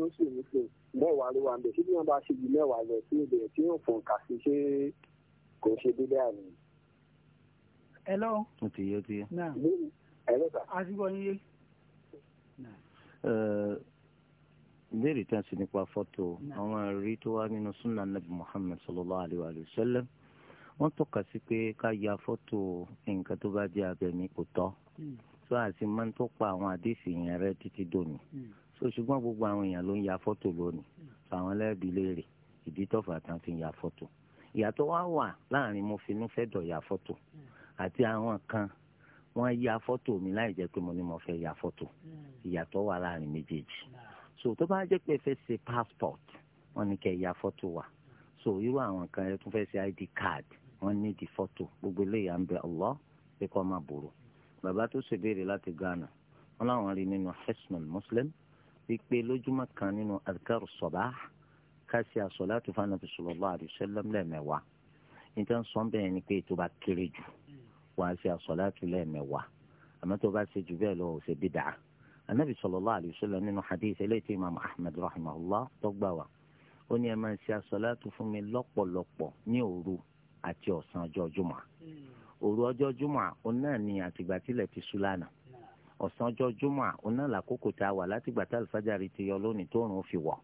ní sì ní sí mẹ́wàá ló wà ń bẹ̀ tí wọ́n bá ṣe ju mẹ́wàá lọ sí ibẹ̀ tí yóò fún kà sí ṣé kò ṣe dédé àná hello. o ti yé o ti yé. náà àsìkò yín yé. ìbéèrè tí a sì nípa fọ́tò àwọn ẹ̀rí tó wá nínú súnà nàbì Muhammad sallallahu alayhi wa sallam wọ́n tọ́ka sí pé ká ya fọ́tò nǹkan tó bá jẹ́ abẹ̀mí kò tọ́ hmm. so àti máa ń tó pa àwọn àdéhìí yẹn rẹ títí dòní hmm. so ṣùgbọ́n gbogbo àwọn èèyàn ló ń ya fọ́tò lónìí hmm. so àwọn ẹlẹ́bi léèrè ìdí tọ́fà tán fi ya fọ́tò ìyàtọ̀ wá wà láàrin mo finú fẹ́ dọ̀ ya fọ́tò àti àwọn kan wọ́n ya fọ́tò mi láì jẹ́ pé mo ní mo fẹ́ ya fọ́tò hmm. ìyàtọ̀ wà láàrin méjèèjì hmm. so tó bá jẹ́ pé ẹ fẹ́ ṣe passport wọ́n ní kẹ́ ya fọ́tò wa so irú àwọn kan ẹ tún fẹ́ ṣe id card wọ́n ní di fọ́tò gbogbo eléyà ń bẹ Allah pé kọ́ máa bòrò bàbá tó ṣèbéèrè láti Ghana wọ́n láwọn rí nínú Hisnul Muslim wípé lójúmọ́ kan nínú adhkaru sabah kásì àsọ̀lá tó fún Ànábì sallallahu alaihi wasallam lẹ́ẹ̀mẹ́wàá níta ń ni pé ètò bá kéré jù wàá ṣe àsọ̀láàtù lẹ́ẹ̀mẹwàá àmọ́ tó bá ṣe jù bẹ́ẹ̀ lọ ò ṣe bídà anabi sallallahu alayhi wa sallam nínú hadith eléyìí tí imaamu ahmed rahimahullah tó gbà wá ó ní ẹ máa ń ṣe àsọ̀láàtù fún mi lọ́pọ̀lọpọ̀ ní òru àti ọ̀sán ọjọ́ jùmọ̀ òru ọjọ́ jùmọ̀ òun náà ni àtìgbà tilẹ̀ ti ṣú lánàá ọ̀sán ọjọ́ jùmọ̀ òun náà làkókò tá a wà látìgbà tá àlùfájàrí ti yọ lónìí tó rùn ó fi wọ̀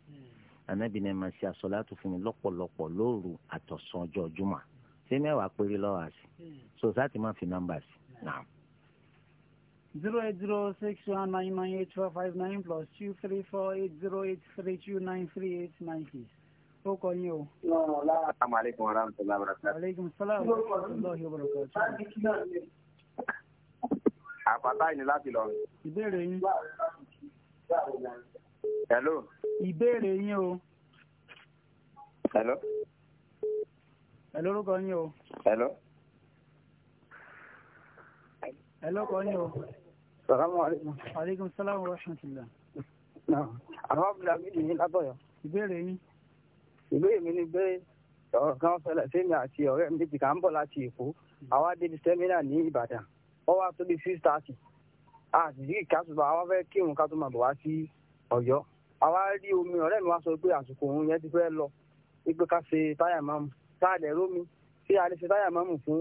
anabi hmm. ní ẹ máa ṣe àsọ̀láàtù fún mi lọ́pọ̀lọpọ̀ lóru àtọ̀sán ọjọ́ jùmọ̀ ṣé mẹ́wàá péré lọ́wọ́ àṣì so sáà ti máa fi nọ́mbà sí zero eight zero six one nine nine eight four five nine plus two three four eight zero eight three two nine three eight nine six ó kọ yín o. yọ̀rọ̀ la asalaamualeykum wa rahmatulahi wa barakatuh. aleykum salaam wa rahmatulahi wa barakatuh. àpáta yìí ni láti lọ. ìbéèrè yín. hello. ìbéèrè yín o. hello. Hello, lórúkọ Hello. o. hello. ẹ lórúkọ yín o. salamu aleykum. aleykum salaam wa rahmatulah. àwọn abúlé abidjan yìí látọ̀yọ̀. ìbéèrè yín. ìbéèrè mi ni pé ọ̀rọ̀ kan ṣẹlẹ̀ sẹ́mi àti ọ̀rẹ́ mi méjì kan ń bọ̀ láti èkó àwa débi sẹ́mínà ní ìbàdàn wọ́n wá tóbi six thirty àtìsí ìkásùbà àwa fẹ́ kírun ká tó máa bọ̀ wá sí ọ̀yọ́ àwa rí omi ọ̀rẹ́ mi wá sọ pé àsìkò òun yẹn ti fẹ́ lọ wípé ká ṣe táyà máa mu tá a dẹ̀ rómi tí a lè fi táyà mọ́mù fún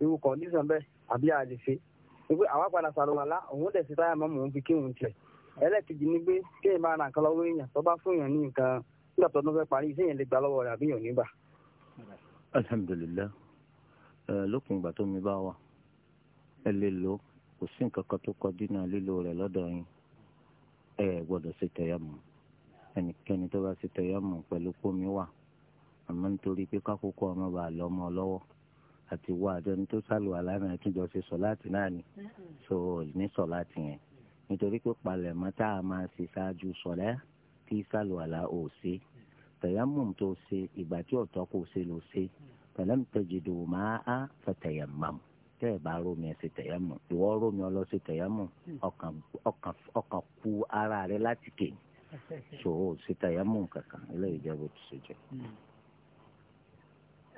irú kọ̀ǹdíṣàn bẹ́ẹ̀ àbí a lè fi wípé àwa padà sàlùwàlá òun dẹ̀ fi táyà mọ́mù òun fi kírun tiẹ̀ ẹlẹ́ẹ̀kejì ni pé kéèyàn bá ra lọ́wọ́ èèyàn tó bá fún èèyàn ní nǹkan nígbà tó fẹ́ parí iṣẹ́ bá wà ẹ lè kò sí nǹkan kan tó lílo yín ẹ ṣe tó bá ṣe àmọ́ nítorí pé kákókó ọmọ bá lọ ọmọ lọ́wọ́ àti wọ àjọni tó sálù àlànà àtúnjọ ṣe sọ láti náà ni so ní sọ láti yẹn nítorí pé palẹ̀mọ́ tá a máa ṣe ṣáájú sọ̀lẹ́ tí sálù àlà ò ṣe tẹ̀yẹ́mùm tó ṣe ìgbà tí ọ̀tọ́ kò ṣe ló ṣe pẹ̀lẹ́mù tẹ̀jìdò máa á fẹ̀tẹ̀yẹ̀màm tẹ́ ẹ̀ bá rómi ẹ̀ ṣe tẹ̀yẹ́mù ìwọ rómi ọ lọ ṣe tẹ̀yẹ́mù mm. ọkàn ku ara rẹ láti kè so ṣe tẹ̀yẹ́mù kankan eléyìí jẹ́ ti ṣe jẹ́. Mm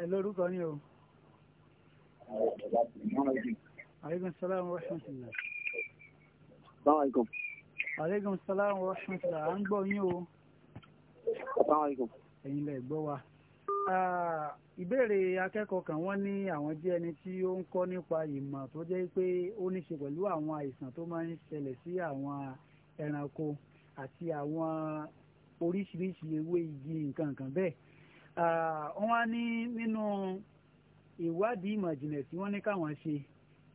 ẹ lórúkọ ní o. aleykum salaam wa rahmatulah. salaamaleykum. ń gbọ́ yín o. ẹ̀yin lẹ gbọ́ wa. ìbéèrè akẹ́kọ̀ọ́ kan wọ́n ní àwọn jẹ́ ẹni tí ó ń kọ́ nípa ìmọ̀ tó jẹ́ pé ó ní ṣe pẹ̀lú àwọn àìsàn tó máa ń ṣẹlẹ̀ sí àwọn ẹranko àti àwọn oríṣiríṣi ewé igi nǹkan kan bẹ́ẹ̀ wọ́n ní nínú ìwádìí ìmọ̀ ìjìnlẹ̀ tí wọ́n ní káwọn ṣe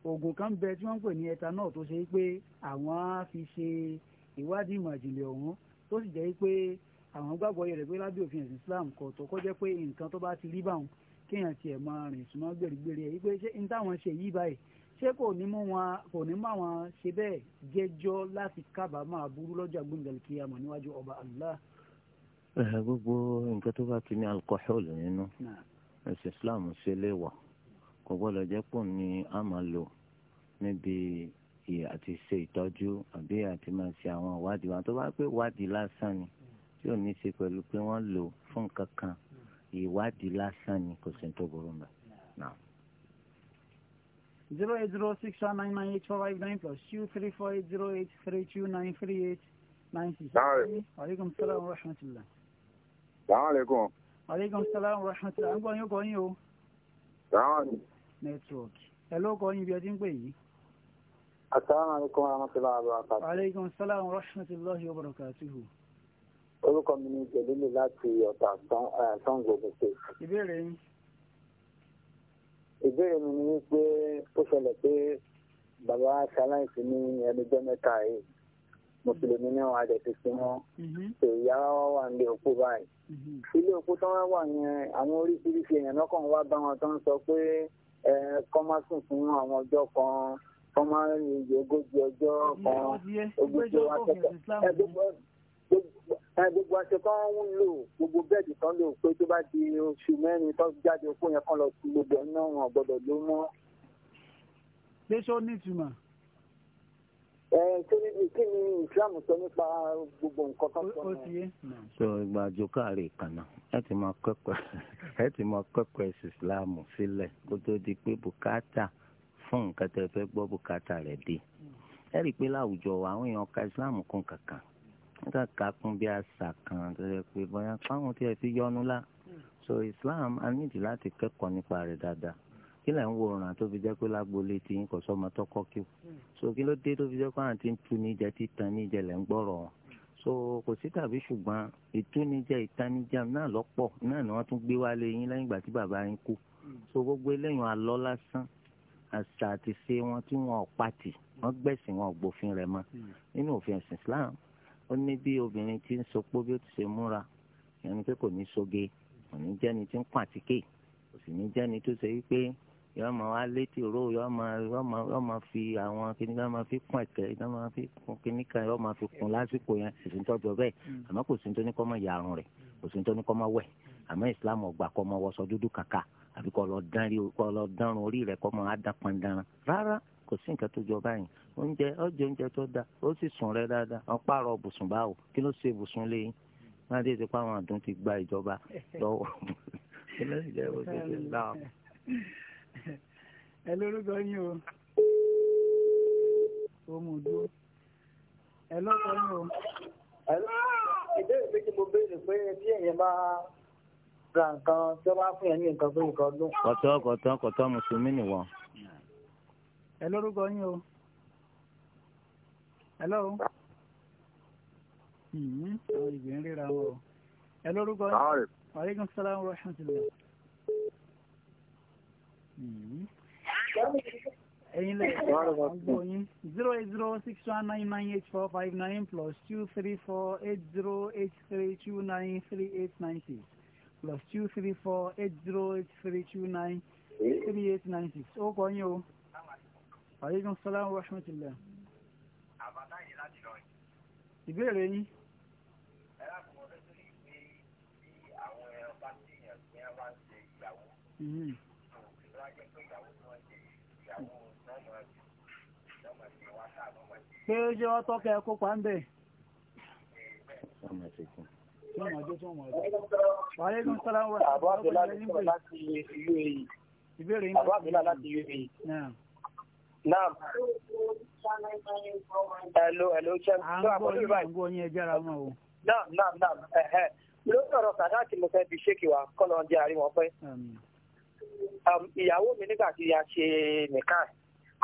oògùn kan bẹ tí wọ́n ń pè ní ethanol tó ṣe pé àwọn fi ṣe ìwádìí ìmọ̀ ìjìnlẹ̀ ọ̀hún tó sì jẹ́ pé àwọn gbàgbọ́ yẹrẹ pé lábẹ́ òfin ẹ̀sìn Islam kò tó kọ́ jẹ́ pé nǹkan tó bá ti rí báwọn kéèyàn tiẹ̀ máa rìn súnmọ́ gbèrègbèrè ẹ̀ wípé ṣé n táwọn ṣe yí báyìí ṣé kò ní mú wọn kò ní mú àwọn ṣe bẹ́ẹ̀ jẹ́jọ́ láti kábàámọ̀ aburú lọ́jọ́ àgbóǹdàlùkìyàmọ̀ níwájú ọba Allah gbogbo nǹkan tó bá ti ní alcohol nínú ẹ̀sìn islam ṣe lè wà kò gbọ́dọ̀ jẹ́ pò ní a máa lò níbi àti ṣe ìtọ́jú àbí àti máa ṣe àwọn ìwádìí wọn tó bá pé ìwádìí lásán ni tí ò ní ṣe pẹ̀lú pé wọ́n lò fún kankan ìwádìí lásán ni kò sí tó burú mọ́. zero eight zero six one nine nine eight four five nine plus two three four eight zero eight three two nine three eight nine six. aleykum salaam wa rahmatulah sàmàlẹ́kùn. maaleykum salaam wa rahmatulah ń gbọ́ yín kọ́ yín o. sàmàlẹ́kùn. network ẹ ló kọ́ yín bí ẹ ti ń pè yìí. asalaamualeykum wa rahmatulah wa barakatuhu. maaleykum salaam wa rahmatulah wa barakatuhu. orúkọ mi ni jẹ̀lẹ́lẹ̀ láti ọ̀tà sango gbèsè. ìbéèrè yín. ìbéèrè mi ni wípé ó ṣẹlẹ̀ pé bàbá ṣaláìsí ní ẹnìjọ́ mẹ́ta yìí mùsùlùmí náà wà dẹ̀ tuntun wọn tó ìyá wa wà ní òkú báyìí. Mhm. ilé òkú tó wá wà yẹn àwọn oríṣiríṣi èèyàn lọ́kàn wá bá wọn tó ń sọ pé kọ́ má sùn fún àwọn ọjọ́ kan kọ́ má rìn ogójì ọjọ́ kan ogójì akẹ́kọ̀ọ́ gbogbo aṣọ kan ń lò gbogbo bẹ́ẹ̀dì kan lò pé tó bá di oṣù mẹ́rin tó jáde òkú yẹn kan lọ sí gbogbo ẹ̀ náà wọn gbọ́dọ̀ ló mọ́ so ìgbà àjòkà rè kànáà ẹ ti máa kẹ́kọ̀ọ́ ẹ ti máa kẹ́kọ̀ọ́ ẹ̀sìn ìsìláàmù sílẹ̀ kó tó di pé bùkátà fún nǹkan tẹ́ fẹ́ gbọ́ bùkátà rẹ̀ dé ẹ rí i pé láwùjọ àwọn èèyàn ka ìsìláàmù kún kankan nígbà kakún bí àṣà kan tó yẹ pé bóyá fáwọn tí ẹ fi yọnu la so islam a nídìí láti kẹ́kọ̀ọ́ nípa rẹ̀ dáadáa kí lẹ̀ ń wo ọ̀ràn tó fi jẹ́ pé lágboolé tí ń kọ̀ sọ́mọ tó kọ́ kí o so kí ló dé tó fi jẹ́ pé àwọn ti ń tu níjẹ títan níjẹ lẹ̀ ń gbọ́rọ̀ wọn so kò sí tàbí ṣùgbọ́n ìtúnijẹ ìtanijẹ náà lọ́pọ̀ náà ni wọ́n tún gbé wá lé yín lẹ́yìn ìgbà tí bàbá yín kú so gbogbo eléyìn alọ́ lásán àṣà àti ṣe wọn tí wọn ò pàtì wọn gbẹ̀sìn wọn ò gbòfin rẹ̀ mọ́ nínú òfin ẹ̀sìn Islam ó ní bí obìnrin tí ń sopó bí ó ti ṣe múra ìyẹn ni pé kò ní soge kò ní jẹ́ni tí ń pàtíkè kò sì ní jẹ́ni tó ṣe wípé yọọ ma wá létí ró yọọ ma yọọ ma yọọ ma fi àwọn kíní yọọ ma fi kún ẹkẹ yọọ ma fi kún kíní kan yọọ ma fi kún lásìkò yẹn sì tó jọ bẹ́ẹ̀ mm. àmọ́ kò sí tó ní kọ́ mọ yarun rẹ̀ kò sí tó ní kọ́ mọ wẹ̀ àmọ́ ìsìlámù ọgbà kọ́ mọ wọṣọ dúdú kàkà àbí kọ́ lọ dán kọ́ lọ dánrun orí rẹ̀ kọ́ mọ adán pandanran rárá kò sí nǹkan tó jọ báyìí oúnjẹ ọjọ oúnjẹ tó dáa ó sì sùn rẹ dáadáa ọpárọ bùsùn báwo kí ẹ lórúkọ yín o òmùdó ẹ lọ́kọ yín o. ìbéèrè pé kí mo béèrè pé tí èèyàn bá ra nǹkan tí wọ́n bá fún yẹn ní nǹkan fún nǹkan ọdún. kọ̀tọ́ kọ̀tọ́ kọ̀tọ́ mùsùlùmí nìwọ. ẹ lórúkọ yín o. hello. Hmm, àwọn ìgbìyànjú ra wọn o. ẹ lórúkọ yín. aleykum salaam wa rahmatulah ẹ̀yin lè gbọ́ yín zero eight zero six one nine nine eight four five nine plus two three four eight zero eight three two nine three eight nine six plus two three four eight zero eight three two nine three eight nine six ó kọ́ yín o. aleykum salaam wa rahmatulah. àbàtà yìí láti lọ. ìbéèrè yín. Mm-hmm pé ó jẹ́ ọ́ tọ́kẹ́ kópa ń bẹ̀. Naam. Hello, hello, ṣe ń gbọ́ yín ẹjára mọ́ o. Naam, naam, naam, ẹ̀hẹ́. Lóòótọ́ sàdáàkì mo fẹ́ fi ṣékì wa kọ́ pẹ́. Um, ìyàwó mi nígbà tí a ṣe nìkan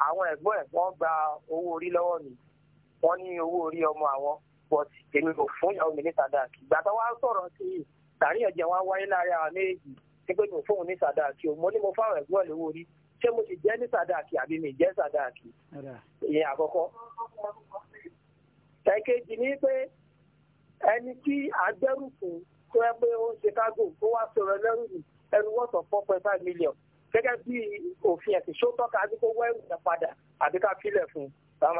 àwọn ẹ̀gbọ́n ẹ̀ wọ́n gba owó orí lọ́wọ́ mi wọ́n ní owó orí ọmọ àwọn but èmi kò fún ìyàwó mi ní sàdáàkì ìgbà tó wá sọ̀rọ̀ sí i tàríyànjẹ wá wáyé láàrin àwọn méjì nígbà tó fóun ní sàdáàkì òun mo ní mo fáwọn ẹ̀gbọ́n ẹ̀ lówó orí ṣé mo ti jẹ́ ní sàdáàkì àbí mi jẹ́ sàdáàkì ìyẹn àkọ́kọ́. ẹ̀kejì ni pé ẹni tí agbẹ́rù fún tó yẹ pé ó ń ṣe kágò tó wá sọ̀rọ̀ lẹ́rù nìyí ẹrù wọ́tọ̀ four point five million gẹ́gẹ́ bí òfin ẹ̀sìn ṣó tọ́ka àti kó wẹ́rù yẹn padà àbí ká filẹ̀ fún un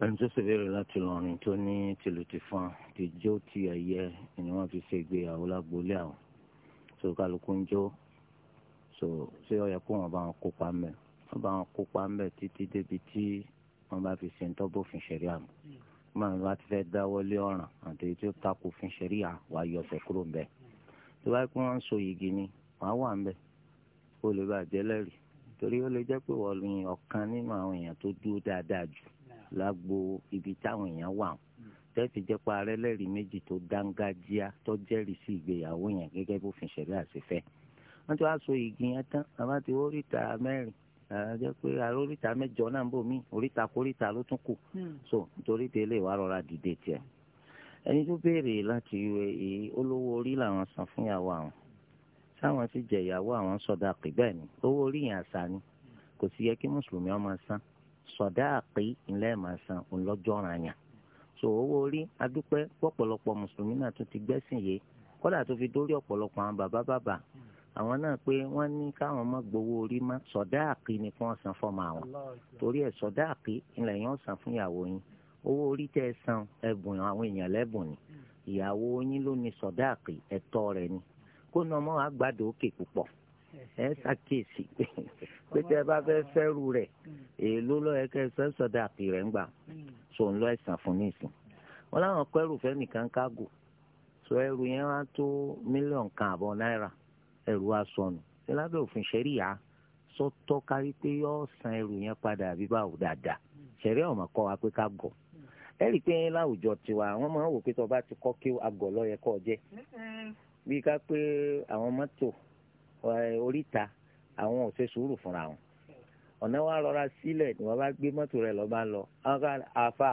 ẹni tó sì béèrè láti lọrin tó ní tìlù ti jó ti ẹyẹ ni wọn fi ṣe ìgbéyàwó lágboolé àwọn tó kálukú ń jó so ṣé ó yẹ kó wọn bá wọn kópa ńbẹ̀ wọn bá wọn kópa ńbẹ̀ títí débi tí wọn bá fi ṣe ń tọ́bọ̀ fún ṣẹ̀ríà mọ́ wọn bá ti fẹ́ dáwọ́ lé ọ̀ràn àti tí ó takò fún ṣẹ̀ríà wàá yọ ọ̀sẹ̀ kúrò ńbẹ̀ tó bá pé wọ́n ń so yìgì ni wàá wà ń bẹ̀ kó lè bàjẹ́ lẹ́rìí torí ó lè jẹ́ pé wọ́n lu ọ̀kan nínú àwọn èèyàn tó dúró dáadáa jù lágbo ibi táwọn èèyàn wà wọn tẹ́sí jẹ́ pa arẹ́ lẹ́rìí méjì tó dángájíá tó jẹ́rìí sí ìgbéyàwó yẹn gẹ́gẹ́ bó fi ṣẹlẹ̀ àṣefẹ́ wọ́n ti wá so igi yẹn tán àbá ti oríta mẹ́rin àjẹ́ pé oríta mẹ́jọ náà ń bò mí oríta kóríta ló tún kù hmm. so nítorí tẹ́lẹ̀ wàá rọra dìde tiẹ̀ ẹni tó béèrè láti UAE olówó orí làwọn san fún ìyàwó àwọn sáwọn ti jẹ ìyàwó àwọn sọdá pé bẹ́ẹ̀ ni owó orí yẹn àṣà ni kò sì yẹ kí mùsùlùmí ọmọ san sọdá pé ńlẹ máa san ńlọjọ ràyàn so owó orí adúpẹ́ pọ̀pọ̀lọpọ̀ mùsùlùmí náà tún ti gbẹ́sìn yìí kódà tó fi dórí ọ̀pọ̀lọpọ̀ àwọn bàbá bàbá àwọn náà pé wọ́n ní káwọn má gbowó orí má sọdá àpè ni kí wọ́n san fọ́ọ̀mù àwọn torí ẹ̀ sọdá àpè ńlẹ̀ yẹn ó san fún ìyàwó owó orí tẹ́ ẹ san ẹ̀bùn àwọn èèyàn lẹ́bùn ni ìyàwó yín ló ní sọ̀dáàkì ẹ̀tọ́ rẹ̀ ni kó ní ọmọ àgbàdo òkè púpọ̀ ẹ ṣàkíyèsí pé tẹ́ ẹ bá fẹ́ fẹ́rù rẹ̀ èèló hmm. lọ́yẹ kẹ́ ẹ fẹ́ sọ̀dáàkì rẹ̀ ń gbà hmm. sòun lọ́ ẹ̀sán fún nísìn wọn láwọn pẹ́rù fẹ́ nìkan kágò sọ ẹrù yẹn wá tó mílíọ̀nù kan àbọ̀ náírà ẹrù wa sọnù ṣé lábẹ́ òfin ṣẹ́ríyà sọ́tọ́ kárí pé yọ́ọ́ san ẹrù yẹn padà àbí báwo dáadáa hmm. ṣẹ̀rí ọ̀mọ̀kọ́ wa pé ká gọ̀ ẹ rí i pé láwùjọ tiwa àwọn máa ń wò pé tó bá ti kọ́ kí agọ̀ lọ́yẹ kọ́ jẹ́ bí ká pé àwọn mọ́tò eh, oríta àwọn ò ṣe sùúrù fúnra wọn ọ̀nà wa rọra sílẹ̀ ni wọ́n bá gbé mọ́tò rẹ̀ lọ́ bá ń lọ àwọn kan àfa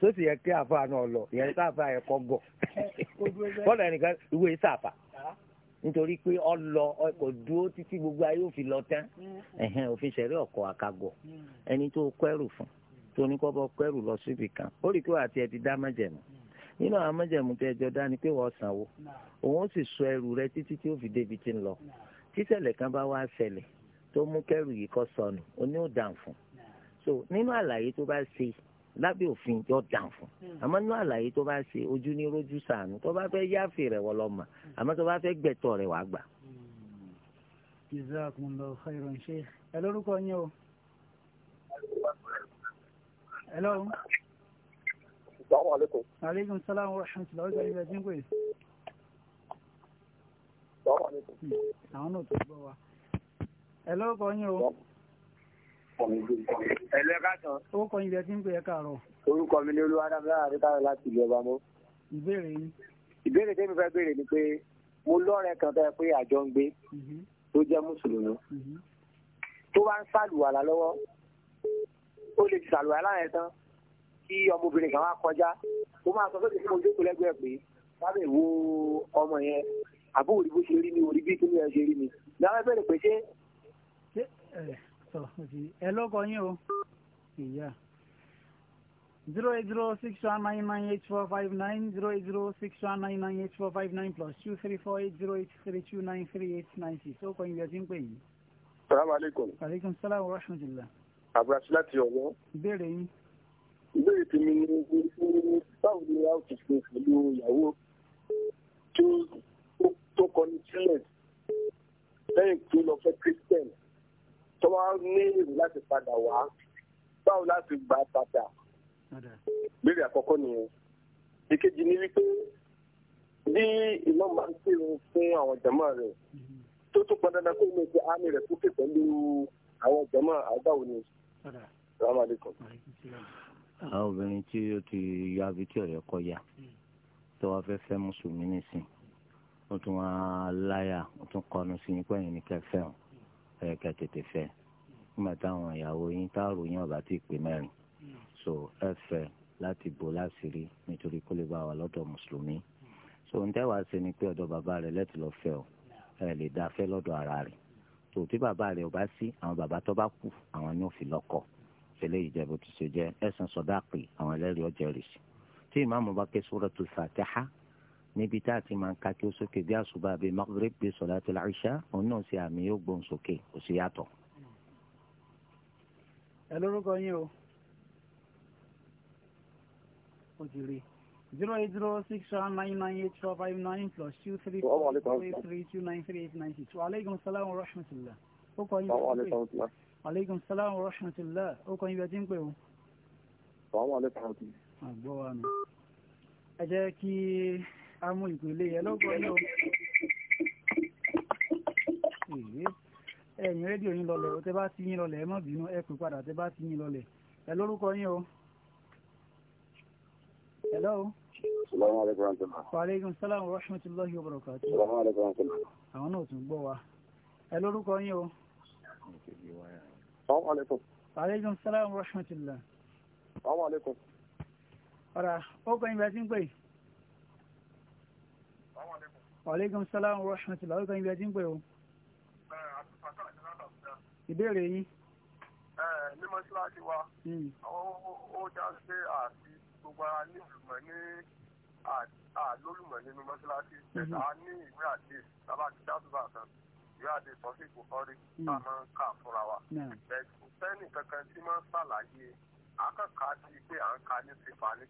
sósì yẹ kí àfa náà lọ ìyẹn sáfà yẹ kọ́ gọ̀ bọ́ọ̀lù ẹnìkan ìwé sáfà ah. nítorí pé ọlọ ọkọ dúró títí gbogbo ayé òfin lọ tán mm. òfin ṣẹlẹ ọkọ àkàgọ mm. ẹni tó kẹrù fún tó ní kọ́ bọ́ kẹ́rù lọ síbi kan ó rí i pé wà á tiẹ̀ ti dá májẹ̀mú nínú àwọn májẹ̀mú tẹ́ ẹjọ́ dá ni pé wọ́n sanwó òun ó sì sọ ẹrù rẹ títí tí ó fi débi ti ń lọ tíṣẹ̀lẹ̀ kan bá wá ṣẹlẹ̀ tó mú kẹ́rù yìí kọ́ sọnù oní ò dàn fún so nínú àlàyé tó bá ṣe lábẹ́ òfin yọ dàn fún àmọ́ nínú àlàyé tó bá ṣe ojú ní rojú sànù tó bá fẹ́ yáfì rẹ̀ wọ́n lọ́mọ àmọ́ tó bá fẹ́ gbẹ̀tọ̀ rẹ̀ wàá gbà. jazakumullahu khairan sheikh ẹ lórúkọ yín o. Hello. Assalamu alaikum. Alaikum salam wa rahmatullahi wa barakatuh. Assalamu alaikum. Hmm. Àwọn náà tó gbọ́ wa. Hello kọ́ yín o. Ẹ̀lú ẹ̀ka kan. Ó kọ́ yín bí ẹ ti ń pè é káàárọ̀. Orúkọ mi ni Olúwadámilá Adékáyọ̀ láti ìlú ọba mọ́. Ìbéèrè yín. Ìbéèrè tẹ́mi fẹ́ béèrè ni pé mo lọ́rẹ̀ẹ́ kan tẹ́ pé àjọ ń gbé mhm. tó jẹ́ Mùsùlùmí. Mhm. Tó bá ń sàlùwàlà lọ́wọ́ ó lè ti sàlùwà láàrin tán kí ọmọbìnrin kan wá kọjá ó máa sọ sókè tí mo jókòó lẹ́gbẹ̀ẹ́ pé sábẹ̀ wo ọmọ yẹn àbó òrí bó ṣe rí mi òrí bí kí ló yẹ ṣe rí mi láwọn bẹ̀rẹ̀ pé ṣé. ẹ lọ́kọ yín o ìyá zero eight zero six one nine nine eight four five nine zero eight zero six one nine nine eight four five nine plus two three four eight zero eight three two nine three eight nine six ó kọ́ ibi ẹtí ń pè yín. salaamaleykum. aleykum salaam wa rahmatulah àbúrásí láti ọ̀wọ́. ìbéèrè yín. ìbéèrè tèmi ni báwo ni a ó ti fi pẹ̀lú ìyàwó tó kọni sílẹ̀ lẹ́yìn tó lọ fẹ́ christian tó wá ní èrò láti padà wá báwo láti gbà padà béèrè àkọ́kọ́ nìyẹn. ìkejì ni wípé bí ìmọ̀ máa ń pèrò fún àwọn jàmáà rẹ̀ mhm. tó tún padà náà kó ní ṣe àmì rẹ̀ kúkẹ́ pẹ̀lú àwọn jàmáà àgbáwo ni àwọn obìnrin tí o ti ya bí tí ọ̀rẹ́ kọ́ ya hmm. tó wá fẹ́ fẹ́ mùsùlùmí nìsín ó tún wá láyà ó tún kọnu sí yín pẹ́yìn ní kẹfẹ́ O hmm. ẹ̀ kẹ́ tètè fẹ́ nígbà táwọn ìyàwó yín táàrò yín ọ̀bà tí ì mẹ́rin hmm. so ẹ fẹ́ láti bò láṣìírí nítorí kó lè bá wa lọ́dọ̀ mùsùlùmí so ǹtẹ́ wàá ṣe ni pé ọ̀dọ̀ bàbá rẹ̀ lẹ́tì lọ́ọ́ fẹ́ ẹ lè dá fẹ́ lọ́dọ̀ ara rẹ̀ tó tí bàbá rẹ̀ ò bá sí àwọn bàbá tó bá kù àwọn ni ó fi lọ́kọ tẹ́lẹ̀ ìjẹ́bù tó ṣe jẹ́ ẹ̀sán sọ̀dáàpì àwọn ẹlẹ́rìí ọjọ́ rẹ̀ sí tí ìmáàmù bá ké sóràtù fàtíhà níbi tá a ti máa ń ka kí ó sókè bí àṣùbà bíi maghrib bíi sọ̀láàtì láìṣá òun náà ṣe àmì yóò gbóhùn sókè kò sí yàtọ̀. ẹ lórúkọ yín o ó ti rí i zero eight zero six seven nine nine eight four five nine plus two three four three three two nine three eight nine six wa aleykum salaam wa rahmatulah ó kọ yín bẹ́ẹ̀ pé aleykum salaam wa rahmatulah ó kọ yín bẹ́ẹ̀ tí ń pè o. àgbọ̀ wa mi ẹ jẹ́ kí a mú ìpele yẹn lọ́gbọ̀n yìí o. ẹ̀yin rédíò yín lọlẹ̀ o tẹ́ bá ti yín lọlẹ̀ ẹ má bínú ẹ pè padà tẹ́ bá ti yín lọlẹ̀ ẹ lórúkọ yín o hello. Assalamu alaikum warahmatullah. Wa alaikum wa rahmatullahi wa barakatuh. Assalamu alaikum warahmatullah. Àwọn náà tún gbọ́ wa. Ẹ lórúkọ yín o. Assalamu alaikum. Wa alaikum wa rahmatullah. Assalamu alaikum. Ọ̀rà, ó kọ́ ìgbà tí ń pè. Wa alaikum salam wa rahmatullah. Ó kọ́ ìgbà tí ń pè o. Ìbéèrè yín. Ẹ ní mọ́ṣáláṣí wa, ó já sí àti gbogbo ara ní olùmọ̀ ní àlólùmọ̀ nínú mọ́ṣáláṣí mhm. ẹ̀ka ní ìwé àdé sábà ti dásùbà kan ìwé àdé sọ́fíìkù kọ́rí tá a mhm. máa ń kà fúnra wa ẹ̀sùn sẹ́nì kankan tí máa ń ṣàlàyé akẹ́kọ̀ọ́ àti pé à ń ka ní sífàní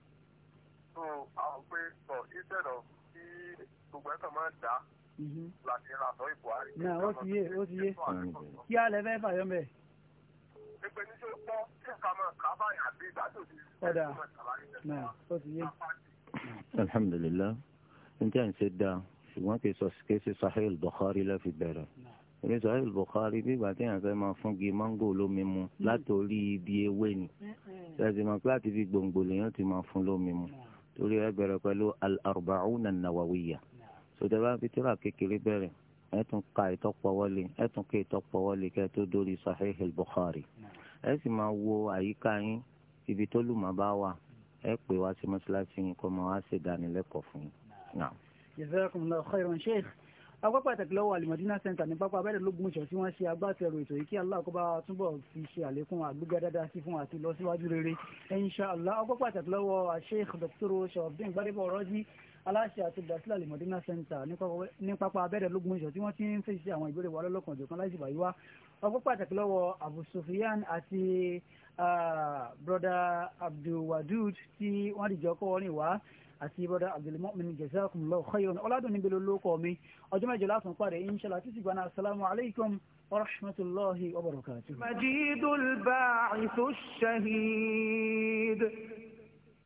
so àwọn pé sọ ìṣẹ̀dọ̀ tí gbogbo ẹ̀kọ́ máa ń dá mhm. láti ra sọ ìbò àríkẹ́ náà ó ti yé ó ti yé kí á lẹ fẹ́ fàyọ́ mẹ́ẹ̀ ẹgbẹ́ ní tó gbọ́ tí nǹkan máa kà báyìí àbí ìgbàdo ti ẹgbẹ́ máa ṣàlàyé rẹ̀. alhamdulilah njẹ́ à ń ṣe dáa ṣùgbọ́n kì í sọ kì í ṣe sahel bukhari láfi bẹ̀rẹ̀ èmi sahel bukhari bí ìgbà téèyàn fẹ́ máa fún gi mango lómi mu látòrí ibi ewé ni ṣèṣìmọ̀ pé láti fi gbòǹgbò lèèyàn ti máa fún lómi mu torí ẹ bẹ̀rẹ̀ pẹ̀lú al-arba'una nawawiya sọdọ̀ bá fi tíra kékeré bẹ̀rẹ̀ ẹ tún ka ìtọ́pọ̀ wọlé ẹ tún ka ìtọ́pọ̀ wọlé kẹ́ ẹ tó dórí Sahih al-Bukhari ẹ sì máa wo àyíká yín ibi tó lùmọ̀ bá wà ẹ pè wá sí mọ́ṣáláṣí yín kọ́ mọ́ wá sí ìdánilẹ́kọ̀ọ́ fún yín. Jazakumullahu khairan Sheikh agbá pàtàkì lọ́wọ́ alimadina center ní pápá abẹ́rẹ́ lógún ìṣọ̀ tí wọ́n ṣe agbátẹrù ètò yìí kí Allah kó bá túbọ̀ fi ṣe àlékún àgbéga dáadáa sí fún àti lọ síwájú rere insha Allah agbá pàtàkì lọ́wọ́ Sheikh Dr. Sharafdin Gbadebo Raji aláṣẹ àti dasila lè mọ̀dínà center ní pápá abẹ́rẹ́ lógúnmọ̀ṣọ́ tí wọ́n ti ń fèsì àwọn ìbéèrè wa lọ́lọ́kan ọ̀jọ̀kan láìsí bàyí wá ọgbọ́n pàtàkì lọ́wọ́ abu sufiyan àti broda abdulwadud tí wọ́n dìjọ́ kọ́ orin wá àti broda abdulmumin jazakumullahu khairan ọ̀làdùn níbi lólókọ̀ mi ọjọ́ mẹ́jọ látún pàdé inshallah títí gbaná assalamu alaikum ورحمة الله وبركاته مجيد الباعث الشهيد